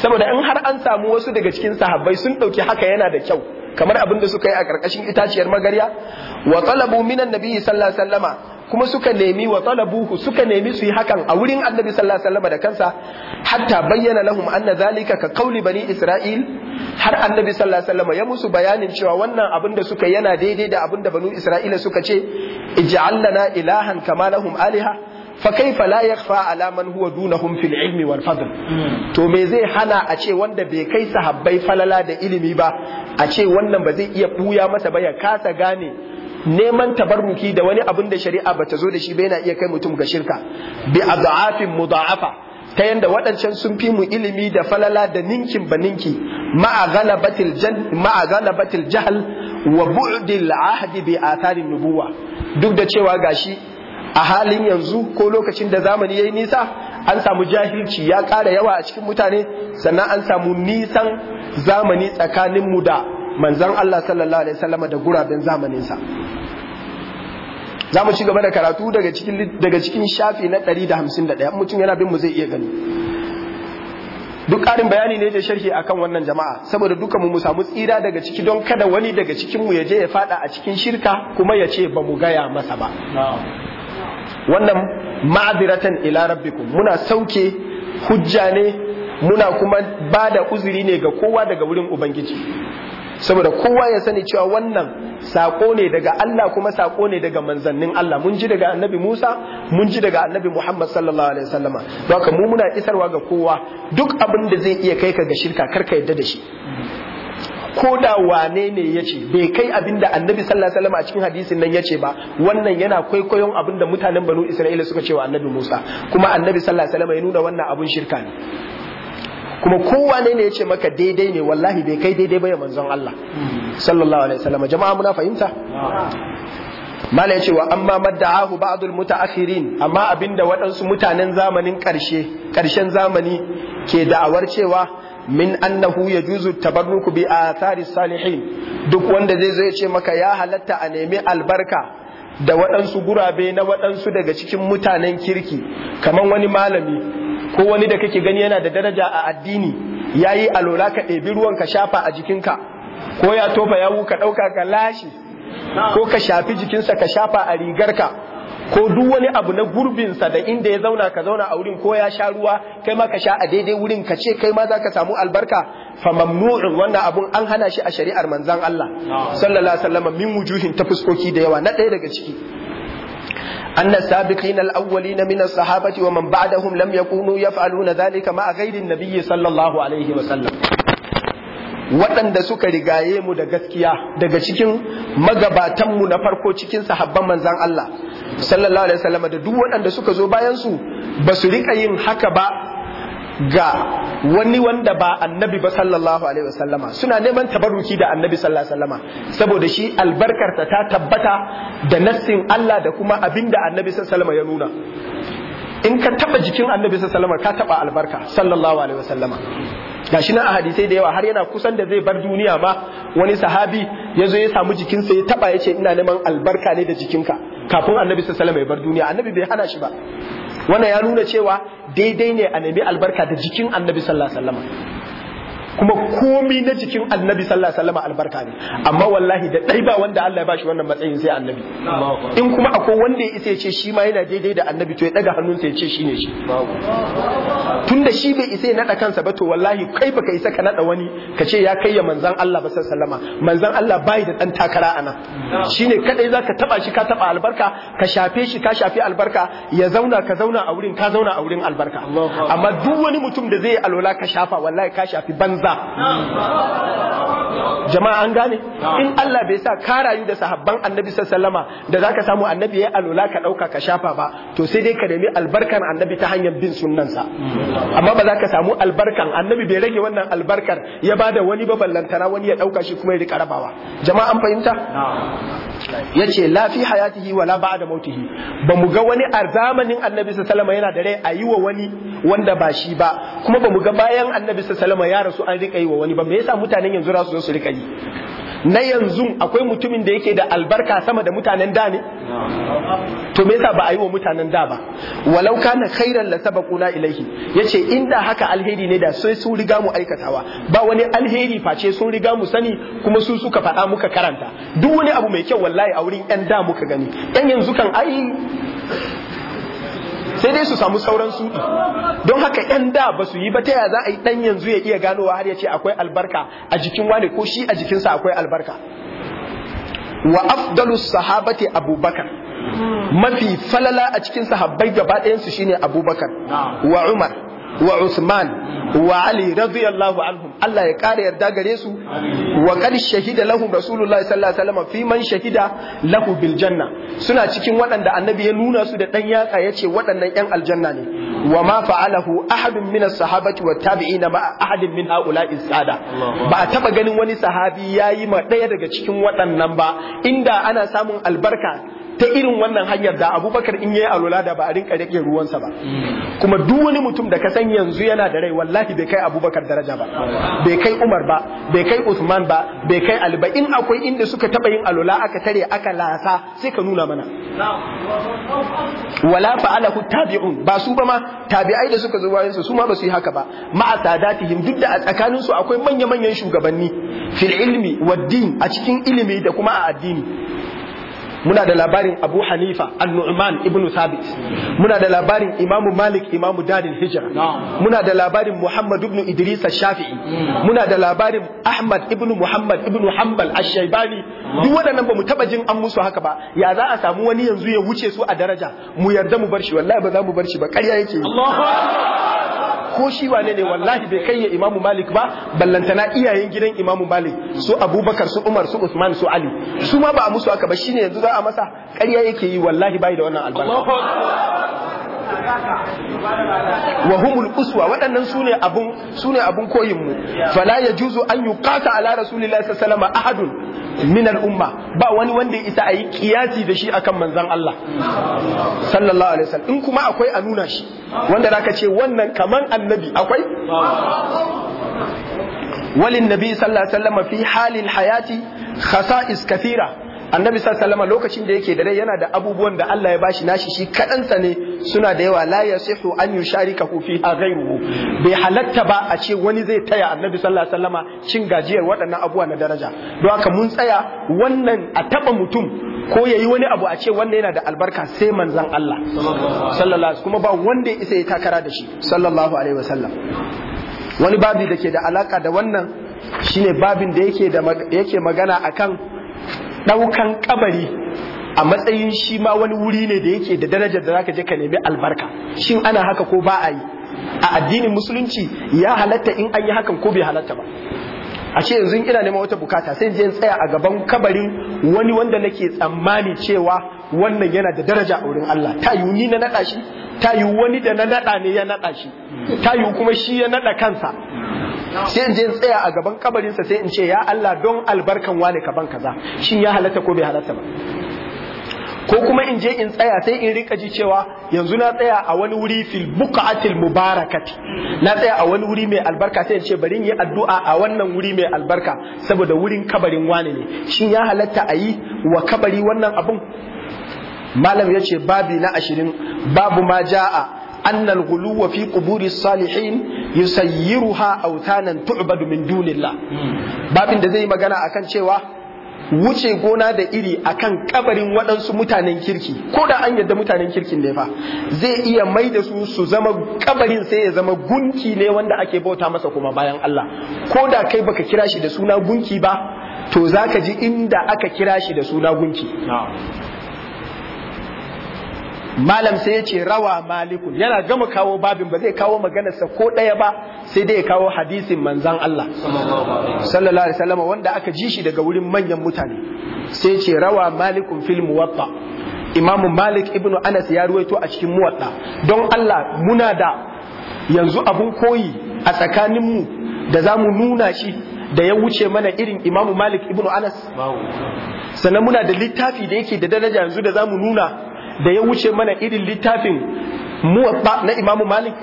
saboda in har an samu wasu daga cikin sahabbai sun dauki haka yana da kyau kamar abin da suka yi a karkashin itaciyar magarya wa talabu minan nabi sallallahu alaihi wasallama kuma suka nemi wa talabuhu suka nemi su yi hakan a wurin annabi sallallahu alaihi wasallama da kansa hatta bayyana lahum anna zalika ka qauli bani isra'il har annabi sallallahu alaihi wasallama ya musu bayanin cewa wannan abin da suka yana daidai da abin da banu isra'ila suka ce ij'al lana ilahan kama lahum aliha fa kaifa la yakhfa ala man huwa dunahum fil ilmi wal fadl to me zai hana a ce wanda bai kai sahabbai falala da ilimi ba a ce wannan ba zai iya buya masa ba ya kasa gane neman tabarruki da wani abin da shari'a bata zo da shi ba yana iya kai mutum ga shirka bi adafin mudaafa ta yanda waɗancan sun fi mu ilimi da falala da ninkin ba ninki ma'a galabatil jahal wa bu'dil ahdi bi atharin nubuwa duk da cewa gashi a halin yanzu ko lokacin da zamani ya yi nisa an samu jahilci ya ƙara yawa a cikin mutane sannan an samu nisan zamani tsakaninmu da manzan Allah sallallahu alaihi wasallama da guraben zamaninsa za mu ci gaba da karatu daga cikin shafi na 151 mutum yana bin mu zai iya gani duk ƙarin bayani ne da sharhi akan wannan jama'a saboda duka mu samu tsira daga ciki don kada wani daga cikinmu ya je ya fada a cikin shirka kuma ya ce ba mu gaya masa ba wannan ma'aziratan ila rabbikum muna sauke hujja ne muna kuma ba da uzuri ne ga kowa daga wurin ubangiji saboda kowa ya sani cewa wannan sako ne daga Allah kuma sako ne daga manzannin Allah mun ji daga annabi Musa mun ji daga annabi Muhammad sallallahu alaihi wasallama don haka mu muna isarwa ga kowa duk abin da zai iya kai ka ga shirka karka yadda da shi ko da wane ne ya ce bai kai abin da annabi sallallahu alaihi a cikin hadisin nan ya ce ba wannan yana kwaikwayon abin da mutanen banu isra'ila suka ce wa annabi musa kuma annabi sallallahu alaihi wasallam ya nuna wannan abun shirka ne kuma kowane ne ya ce maka daidai ne wallahi bai kai daidai ba ya manzon Allah sallallahu alaihi wasallam jama'a muna fahimta mala ya ce wa amma madda'ahu ba'dul mutaakhirin amma abinda waɗansu mutanen zamanin ƙarshe ƙarshen zamani ke da'awar cewa min annahu yajuzu tabarruku bi athari salihin duk wanda zai zo ya ce maka ya halatta a nemi albarka da waɗansu gurabe na waɗansu daga cikin mutanen kirki kamar wani malami ko wani da kake gani yana da daraja a addini yayi alola ka ɗebi ruwan ka shafa a jikinka ko ya tofa yawu ka ɗauka ka lashe ko ka shafi jikinsa ka shafa a rigarka ko duk wani abu na gurbin sa da inda ya zauna ka zauna a wurin ko ya sha ruwa kai ma ka sha a daidai wurin ka ce kai ma za ka samu albarka fa mamnu'un wannan abun an hana shi a shari'ar manzan Allah sallallahu alaihi wasallam min wujuhin ta fuskoki da yawa na ɗaya daga ciki أن السابقين الأولين من الصحابة ومن بعدهم لم يكونوا يفعلون ذلك مع غير النبي صلى الله عليه وسلم waɗanda suka rigaye mu da gaskiya daga cikin magabatanmu na farko cikin sahabban manzan Allah sallallahu alaihi wasallam da duk waɗanda suka zo bayan su ba su rika yin haka ba ga wani wanda ba annabi ba sallallahu alaihi wasallama suna neman tabarruki da annabi sallallahu alaihi wasallama saboda shi albarkarta ta tabbata da nassin Allah da kuma abinda annabi sallallahu alaihi wasallama ya nuna in ka taba jikin annabi sallallahu alaihi wasallama ka taba albarka sallallahu alaihi wasallama shi nan a hadisai da yawa har yana kusan da zai bar duniya ma wani sahabi ya zo ya samu jikinsa ya taba ya ce ina neman albarka ne da jikinka kafin annabi sallallahu ya bar duniya annabi bai hana shi ba wannan ya nuna cewa daidai ne a nemi albarka da jikin annabi sallallahu alaihi wasallam kuma komi na jikin annabi sallallahu alaihi wasallam albarka ne amma wallahi da dai ba wanda Allah ya bashi wannan matsayin sai annabi in kuma akwai wanda ya isa ya ce shi ma yana daidai da annabi to ya daga hannunsa ya ce shi ne shi tunda shi bai isa ya nada kansa ba to wallahi kai baka isa ka nada wani ka ce ya kai ya manzan Allah ba sallallahu alaihi wasallam manzan Allah bai da dan takara anan shine kadai zaka taba shi ka taba albarka ka shafe shi ka shafe albarka ya zauna ka zauna a wurin ka zauna a wurin albarka amma duk wani mutum da zai alola ka shafa wallahi ka shafi banza jama'a an gane in Allah bai sa ka da sahabban annabi sallama da zaka samu annabi ya alola ka ɗauka ka shafa ba to sai dai ka nemi albarkar annabi ta hanyar bin sunnansa amma ba za ka samu albarkar annabi bai rage wannan albarkar ya bada wani ba ballantana wani ya ɗauka shi kuma ya rika rabawa jama'a an fahimta yace la fi hayatihi wala ba'da mautihi ba mu ga wani a zamanin annabi sallallahu yana da rai a yi wa wani wanda ba shi ba kuma ba mu ga bayan annabi sallallahu ya rasu an rika yi wa wani ba me yasa mutanen yanzu rasu su rika yi na yanzu akwai mutumin da yake da albarka sama da mutanen da ne to me yasa ba a yi wa mutanen da ba walau na khairan la sabaquna ilaihi yace inda haka alheri ne da sai sun riga mu aikatawa ba wani alheri face sun riga mu sani kuma su suka faɗa muka karanta duk wani abu mai kyau wallahi a wurin yan da muka gani yan yanzu kan ai sai dai su samu sauran suɗi don haka yan da ba su yi ba ta yaya za a yi dan yanzu ya iya ganowa har ya ce akwai albarka a jikin wane ko shi a jikinsa akwai albarka wa afdalu sahabati abubakar hmm. mafi falala a cikin sahabbai gaba ɗayansu shine abubakar wa umar wa Usman wa Ali radiyallahu anhum Allah ya kare yarda gare su wa kan shahida lahum rasulullahi sallallahu alaihi wasallam fi man shahida lahu bil janna suna cikin waɗanda annabi ya nuna su da dan yatsa yace waɗannan yan aljanna ne wa ma fa'alahu ahadun min as-sahabati wa tabi'in ma ahadin min ha'ula'i sada ba taba ganin wani sahabi yayi ma daya daga cikin waɗannan ba inda ana samun albarka ta irin wannan hanyar da abubakar in yi alula da ba a rinka rike ruwansa ba kuma duk wani mutum da ka san yanzu yana da rai wallahi bai kai abubakar daraja ba bai kai umar ba bai kai usman ba bai kai ali ba in akwai inda suka taba yin alula aka tare aka lasa sai ka nuna mana wala ku tabi'un ba su ba ma tabi'ai da suka zo bayan su ma ba su yi haka ba ma'a sadatihim duk da a tsakanin su akwai manya-manyan shugabanni fil ilmi wa din a cikin ilimi da kuma a addini muna da labarin Abu Hanifa Al-Nu'man ibn sabit muna da labarin Imam Malik Imam Dadin Hijra muna da labarin Muhammad ibn Idris Shafi'i mm. muna da labarin Ahmad ibn Muhammad ibn Hanbal Ash-Shaybani duk waɗannan ba mu taba jin an musu haka ba ya za a samu wani yanzu ya wuce su a daraja mu yarda mu bar shi wallahi ba za mu bar shi ba ƙarya yake Allahu Akbar ko shi wane ne wallahi bai kai ya imamu malik ba ballantana iyayen gidan imamu malik su abubakar su umar su usman su ali su ma ba a musu aka ba shine yanzu za a masa ƙarya yake yi wallahi bai da wannan albarka wa humul uswa waɗannan sune abun sune abun koyin mu fala yajuzu an yuqata ala rasulillahi sallallahu alaihi wasallam ahadun min al umma ba wani wanda ita ayi kiyasi da shi akan manzon Allah sallallahu alaihi wasallam in kuma akwai a nuna shi wanda zaka ce wannan kaman annabi akwai walin nabi sallallahu alaihi wasallam fi halil hayati khasa'is kathira annabi salama lokacin da yake da rai yana da abubuwan da Allah ya bashi nashi shi kadansa ne suna da yawa la yasihu an a fiha ghayruhu bai halatta ba a ce wani zai taya annabi sallallahu alaihi cin gajiyar waɗannan abuwa na daraja don haka mun tsaya wannan a taba mutum ko yayi wani abu a ce wanda yana da albarka sai manzan Allah sallallahu kuma ba wanda ya isa ya takara da shi sallallahu alaihi wasallam wani babi da ke da alaka da wannan shine babin da yake da yake magana akan Daukan kabari a matsayin shi ma wani wuri ne da yake da darajar da zaka je ka nemi albarka shin ana haka ko ba a yi a addinin musulunci ya halatta in an yi hakan ko bai halatta ba a ce yanzu ina neman wata bukata sai je tsaya a gaban kabarin wani wanda nake tsammani cewa wannan yana da daraja a wurin Allah ta yiwu ni na nada shi ta yiwu wani da na naɗa ne ya naɗa shi ta yiwu kuma shi ya naɗa kansa sai in je in tsaya a gaban kabarinsa sai in ce ya Allah don albarkan wane kaban kaza shin ya halatta ko bai halatta ba ko kuma in je in tsaya sai in rika ji cewa yanzu na tsaya a wani wuri fil buqatil mubarakati na tsaya a wani wuri mai albarka sai in ce bari yi addu'a a wannan wuri mai albarka saboda wurin kabarin wane ne shin ya halatta a yi wa kabari wannan abun malam ya ce babi na ashirin babu ma ja'a أن الغلو في قبور الصالحين يسيرها أوثانا تعبد من دون الله باب da zai magana akan cewa wuce gona da iri akan kabarin waɗansu mutanen kirki ko da an yadda mutanen kirkin ne fa zai iya mai da su su zama kabarin sai ya zama gunki ne wanda ake bauta masa kuma bayan Allah ko da kai baka kira shi da suna gunki ba to za ka ji inda aka kira shi da suna gunki malam sai ya ce rawa malikun yana gama kawo babin ba zai kawo maganarsa ko ɗaya ba sai dai ya kawo hadisin manzan Allah sallallahu alaihi wasallam wanda aka ji shi daga wurin manyan mutane sai ce rawa malikun fil muwatta imam malik ibnu anas ya ruwaito a cikin muwatta don Allah muna da yanzu abun koyi a tsakanin mu da za nuna shi da ya wuce mana irin imamu malik ibnu anas sannan muna da littafi da yake da daraja yanzu da zamu nuna da ya wuce mana irin littafin muwatta na imamu malik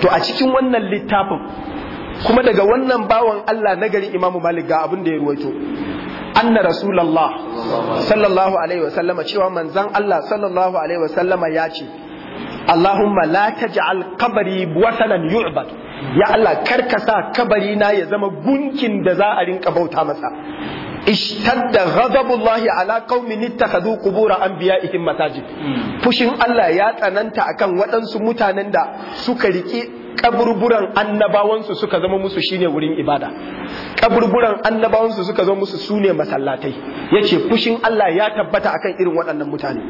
to a cikin wannan littafin kuma daga wannan bawan Allah na gari imamu malik ga abin da ya ruwaito anna rasulallah sallallahu alaihi wasallama cewa manzan Allah sallallahu alaihi wasallama ya ce Allahumma la taj'al qabri wasanan yu'bad ya Allah karkasa kabari na ya zama gunkin da za a rinka bauta masa ishtadda ghadabullahi ala qaumin ittakhadhu biya anbiya'ihim masajid hmm. fushin Allah ya tsananta akan waɗansu mutanen da suka rike kaburburan annabawansu suka zama musu shine wurin ibada kaburburan annabawansu suka zama musu sune masallatai yace fushin Allah ya tabbata akan irin waɗannan mutane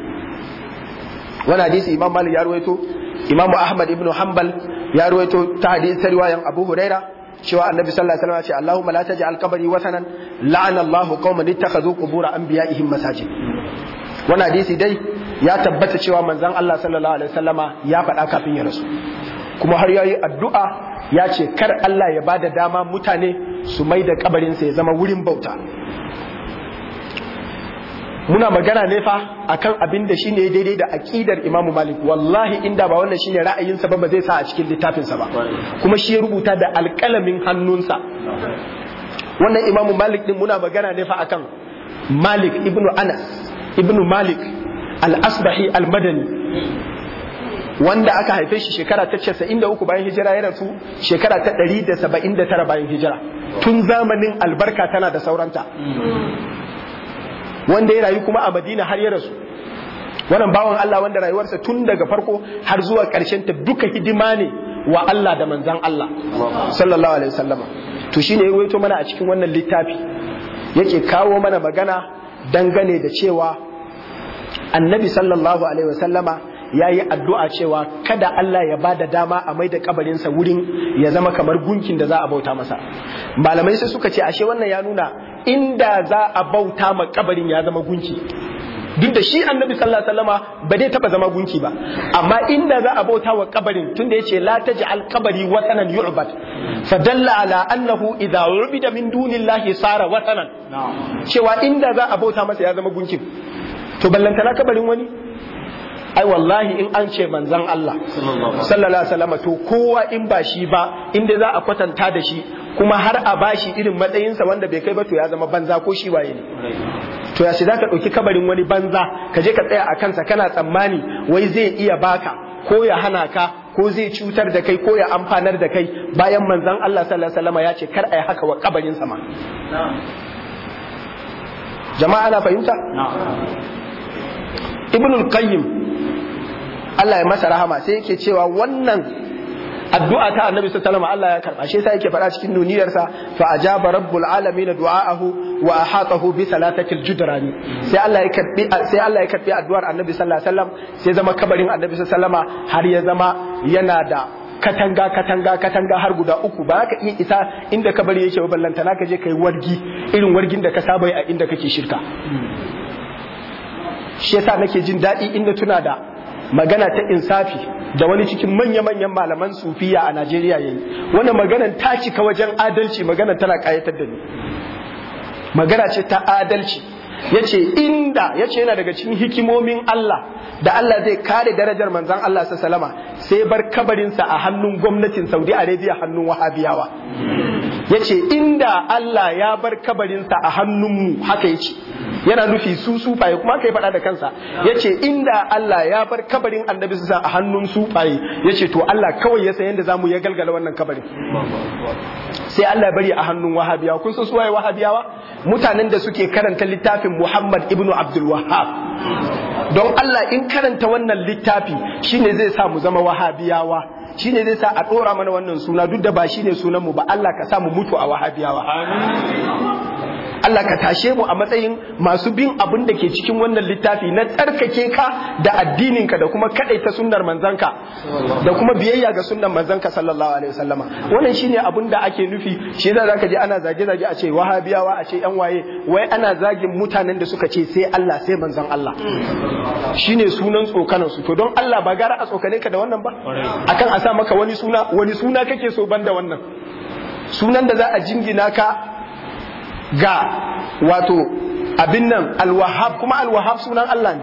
wani hadisi imam malik ya ruwaito imam ahmad ibn hanbal ya ruwaito ta hadisi riwayan abu huraira cewa annabi sallallahu alaihi wasallam ya ce Allahumma la taj'al qabri watanan la'ana Allahu qauman ittakhadhu qubur anbiya'ihim masajid wannan hadisi dai ya tabbata cewa manzon Allah sallallahu alaihi wasallama ya faɗa kafin ya rasu kuma har yayi addu'a ya ce kar Allah ya bada dama mutane su mai da kabarinsa ya zama wurin bauta muna magana ne fa akan abin da shine daidai da aqidar Imam Malik wallahi inda ba wannan shine ra'ayin sa ba ba zai sa a cikin littafin sa ba kuma shi ya rubuta da alƙalamin hannunsa wannan Imam Malik din muna magana ne fa akan Malik ibnu Anas ibnu Malik al-Asbahi al-Madani wanda aka haife shi shekara ta 93 bayan hijira ya rasu shekara ta 179 bayan hijira tun zamanin albarka tana da sauranta wanda ya rayu kuma a madina har ya rasu wannan bawan Allah wanda rayuwarsa tun daga farko har zuwa ƙarshen ta duka hidima ne wa Allah da manzan Allah sallallahu alaihi wasallama to shine ya waito mana a cikin wannan littafi yake kawo mana magana dangane da cewa annabi sallallahu alaihi wasallama ya yi addu'a cewa kada Allah ya ba da dama a mai da kabarinsa wurin ya zama kamar gunkin da za a bauta masa malamai sai suka ce ashe wannan ya nuna inda za a bauta ma kabarin ya zama gunki duk da shi annabi sallallahu alaihi wasallama ba dai taba zama gunki ba amma inda za a bauta wa kabarin tunda yace la taj'al qabri watanan yu'bad fa dalla ala annahu idza ubida min dunillahi sara watanan cewa inda za a bauta masa ya zama gunkin to ballantana kabarin wani ai wallahi in an ce manzan Allah sallallahu alaihi wasallam to kowa in ba shi ba inda za a kwatanta da shi kuma har a bashi irin matsayinsa wanda bai kai ba to ya zama banza ko shi waye ne to ya shi za ka ɗauki kabarin wani banza ka je ka tsaya a kansa kana tsammani wai zai iya baka ko ya hana ka ko zai cutar da kai ko ya amfanar da kai bayan manzon Allah sallallahu alaihi ya ce kar a yi haka wa kabarin sama jama'a na fahimta ibnul qayyim Allah ya masa rahama sai yake cewa wannan addu'a ta annabi sallallahu alaihi Allah ya karba shi yasa yake faɗa cikin duniyar sa fa ajaba rabbul alamin du'aahu wa ahatahu bi salatatil judrani sai Allah ya karbi sai Allah ya karbi addu'ar annabi sallallahu alaihi wasallam sai zama kabarin annabi sallallahu alaihi wasallam har ya zama yana da katanga katanga katanga har guda uku ba ka iya isa inda kabari yake ba ballanta na ka kai wargi irin wargin da ka saba a inda kake shirka shi yasa nake jin daɗi inda tuna da magana ta insafi da wani cikin manya-manyan malaman sufiya a Najeriya yayi wannan maganan ta cika wajen adalci magana tana kayatar da ni magana ce ta adalci yace inda yace yana daga cikin hikimomin Allah da Allah zai kare darajar manzon Allah sallallahu alaihi wasallama sai bar kabarinsa a hannun gwamnatin Saudi Arabia hannun Wahabiyawa yace inda Allah ya bar kabarinsa a hannunmu haka ya ce, yana nufi su sufaye kuma kai faɗa da kansa yace inda Allah ya bar kabarin annabi sa a hannun sufaye yace to Allah kawai ya san yadda zamu ya galgala wannan kabarin sai Allah bari a hannun wahabiyawa kun san suwaye wahabiyawa mutanen da suke karanta littafin Muhammad ibnu Abdul don Allah in karanta wannan littafi shine zai sa mu zama wahabiyawa shi ne zai sa a ɗora mana wannan suna duk da ba shi ne sunanmu ba Allah ka sa mu mutu a wahabiyawa Allah ka tashe mu a matsayin masu bin abin da ke cikin wannan littafi na tsarkake ka da addininka da kuma kadaita sunnar manzanka da kuma biyayya ga sunnar manzanka sallallahu alaihi wasallama wannan shine abin da ake nufi shi da zaka je ana zage zage a ce wahabiyawa a ce yan waye wai ana zagin mutanen da suka ce sai Allah sai manzan Allah shine sunan tsokanan su to don Allah ba gara a tsokane ka da wannan ba akan a sa maka wani suna wani suna kake so banda wannan sunan da za a jingina ka ga wato abin nan alwahab kuma alwahab sunan Allah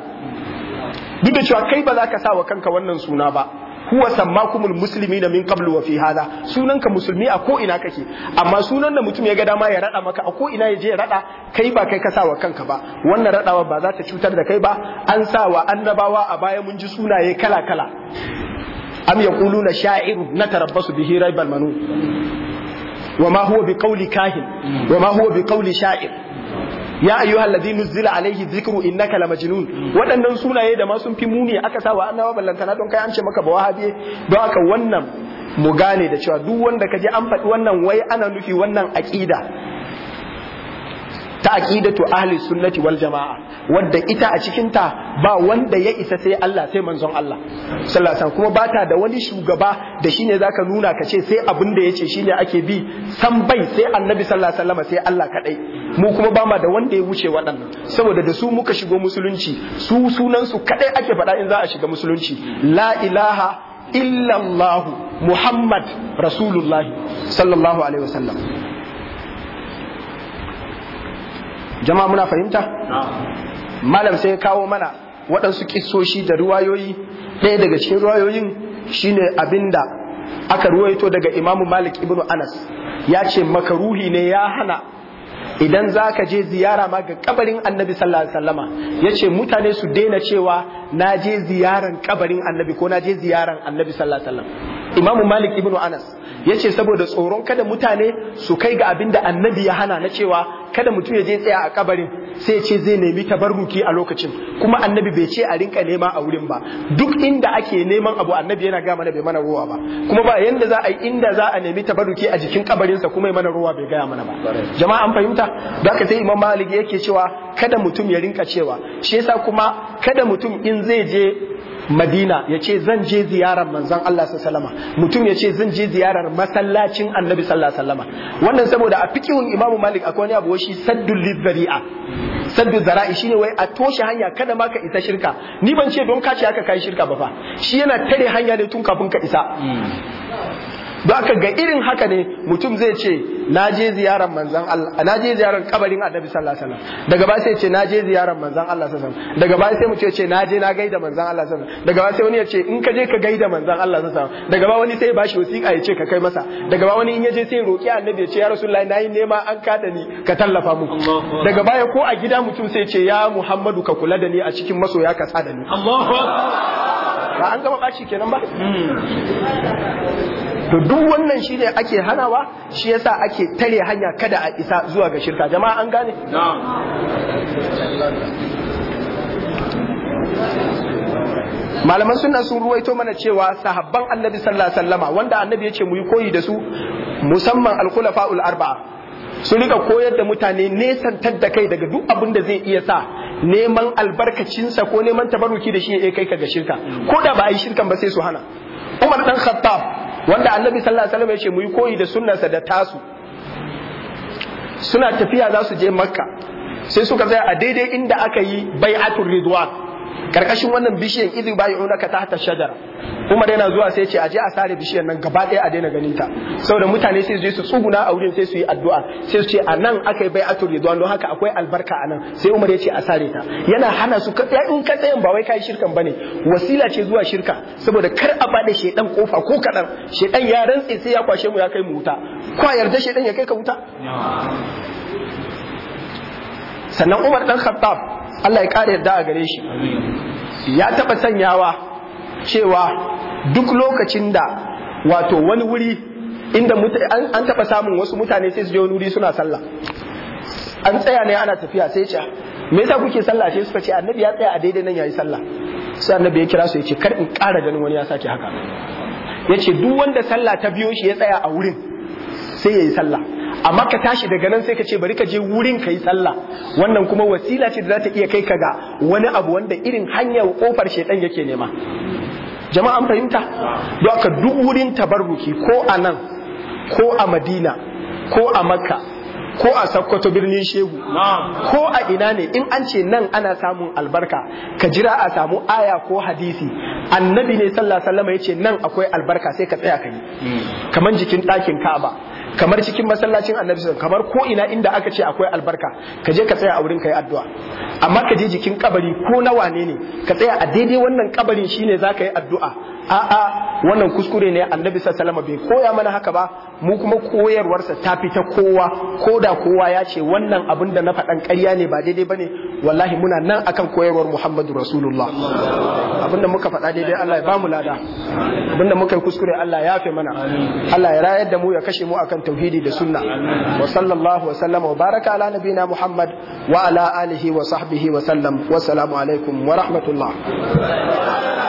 ne duk da cewa kai ba za ka sa wa kanka wannan suna ba huwa sammakumul da min qablu wa fi hada ka musulmi a ko ina kake amma sunan da mutum ya ga dama ya rada maka a ko ina ya je ya rada kai ba kai ka sawa kanka ba wannan radawa ba za ta cutar da kai ba an sa wa annabawa a baya mun ji sunaye kala kala am yaquluna sha'ir natarabbasu bihi raibal manun wa ma huwa bi qawli kahin wa ma huwa bi qawli sha'ir ya ayyuhal ladhi nuzila alayhi dhikru innaka la waɗannan sunaye da ma sun fi muni aka sa wa annawa ballantana don kai an ce maka ba wahabiye don haka wannan mu gane da cewa duk wanda kaje an faɗi wannan wai ana nufi wannan aqida aqidatu ahli sunnati wal jamaa wadda ita a cikin ta ba wanda ya isa sai Allah sai manzon Allah sallallahu alaihi kuma bata da wani shugaba da shine zaka nuna ka ce sai abin da yace shine ake bi san bai sai annabi sallallahu alaihi wasallam sai Allah kadai mu kuma ba ma da wanda ya wuce waɗannan saboda da su muka shigo musulunci su sunan su kadai ake faɗa in za a shiga musulunci la ilaha illallah muhammad rasulullahi sallallahu alaihi wasallam jama'a muna fahimta malam sai ya kawo mana waɗansu kisoshi da ruwayoyi ɗaya daga cikin ruwayoyin shine abinda aka ruwaito daga imamu malik ibn anas ya ce makaruhi ne ya hana idan za ka je ziyara ma ga kabarin annabi sallallahu alaihi wasallama ya ce mutane su daina cewa na je ziyaran kabarin annabi ko na je ziyaran annabi sallallahu alaihi wasallam imamu malik ibn anas ya ce saboda tsoron kada mutane su kai ga abin da annabi ya hana na cewa kada mutum ya je tsaya a kabarin sai ce zai nemi tabarruki a lokacin kuma annabi bai ce a rinka nema a wurin ba duk inda ake neman abu annabi yana gaya mana bai mana ruwa ba kuma ba yanda za a yi inda za a nemi tabarruki a jikin kabarinsa kuma mana ruwa bai gaya mana ba jama'a an fahimta da ka sai imam malik yake cewa kada mutum ya rinka cewa shi yasa kuma kada mutum in zai je madina ya ce zan je ziyarar manzon Allah sallama mutum ya ce zan je ziyarar masallacin annabi sallama wannan saboda a fikihun imamu malik akwai wani abu shi saddul lizzari'a saddu zara'i shine wai a toshe hanya kada ma ka isa shirka ni ban ce don ka ce kayi shirka ba fa shi yana tare hanya ne tun kafin ka isa hmm. don aka ga irin haka ne mutum zai ce na je ziyarar manzan Allah na je ziyarar kabarin annabi sallallahu alaihi wasallam daga ba sai ce na je ziyarar manzan Allah sallallahu alaihi wasallam daga ba sai mu ce ce na je na gaida manzan Allah sallallahu alaihi wasallam daga ba sai wani ya ce in ka je ka gaida manzan Allah sallallahu alaihi wasallam daga ba wani sai ya bashi wasiƙa ya ce ka kai masa daga ba wani in ya je sai roki annabi ya ce ya rasulullahi nayi nema an kada ni ka tallafa mu daga baya ko a gida mutum sai ce ya Muhammadu ka kula da ni a cikin masoya ka tsada ni Allahu Akbar ba an gama bashi kenan ba hmm. to duk wannan shi ne ake hanawa shi ya sa ake tare hanya kada a isa zuwa ga shirka jama'a an gane malaman suna sun ruwaito mana cewa sahabban annabi sallallahu alaihi wasallama wanda annabi ya ce mu yi koyi da su musamman al-khulafa'ul arba'a su rika koyar da mutane nesantar tadda kai daga duk abin da zai iya sa neman albarkacinsa ko neman tabaruki da shi ya kai ka ga shirka ko da ba a yi shirkan ba sai su hana umar dan khattab wanda annabi sallallahu alaihi wasallam ya ce mu yi koyi da sunnarsa da tasu suna tafiya za su je makka sai suka tsaya a daidai inda aka yi bai'atul ridwan karkashin wannan bishiyan idh ta tahta shajara Umar yana zuwa sai ce aje a sare bishiyan nan gaba ɗaya a daina ganin ta saboda mutane sai su je su tsuguna a wurin sai su yi addu'a sai su ce a nan aka yi bai'atul ridwan don haka akwai albarka a nan sai Umar ya ce a sare ta yana hana su ka in ka tsayan ba wai kai shirkan ne. wasila ce zuwa shirka saboda kar a bada shedan kofa ko kadan shedan ya rantse sai ya kwashe mu ya kai mu wuta kwa yarda shedan ya kai ka wuta sannan Umar dan Khattab Allah ya ƙara yarda a gare shi ya taba sanyawa cewa duk lokacin da wato wani wuri inda an taba samun wasu mutane sai su je wani wuri suna sallah an tsaya ne ana tafiya sai ce me yasa kuke sallah sai suka ce annabi ya tsaya a daidai nan yayi sallah sai annabi ya kira su ya ce kar in ƙara ganin wani ya sake haka ya ce duk wanda sallah ta biyo shi ya tsaya a wurin sai ya yi sallah amma ka tashi daga nan sai ka ce bari ka je wurin ka yi sallah wannan kuma wasila ce da za ta iya kai ka ga wani abu wanda irin hanyar kofar shaidan yake nema jama'a an fahimta don ka duk wurin tabarruki ko a nan ko a madina ko a makka ko a sakkwato birnin shehu ko a ina ne in an ce nan ana samun albarka ka jira a samu aya ko hadisi annabi ne sallallahu alaihi wasallam yace nan akwai albarka sai ka tsaya kai kaman jikin ɗakin Ka'aba kamar cikin masallacin annabi kamar ko ina inda aka ce akwai albarka ka je ka tsaya a wurin kai addu'a amma ka je jikin kabari ko na wane ne ka tsaya a daidai wannan kabarin shine ka yi addu'a a'a wannan kuskure ne annabi sallallahu alaihi bai koya mana haka ba mu kuma koyarwarsa ta fita kowa ko da kowa ya ce wannan abin da na faɗan ƙarya ne ba daidai bane wallahi muna nan akan koyarwar Muhammadu Rasulullah abinda muka faɗa daidai Allah ya bamu lada abinda muka yi kuskure Allah ya yafe mana Allah ya rayar da mu ya kashe mu akan ikon tauhidi da sunna wa sallallahu wa sallama wa baraka ala nabina muhammad wa ala alihi wa sahbihi wa sallam wa alaikum wa rahmatullah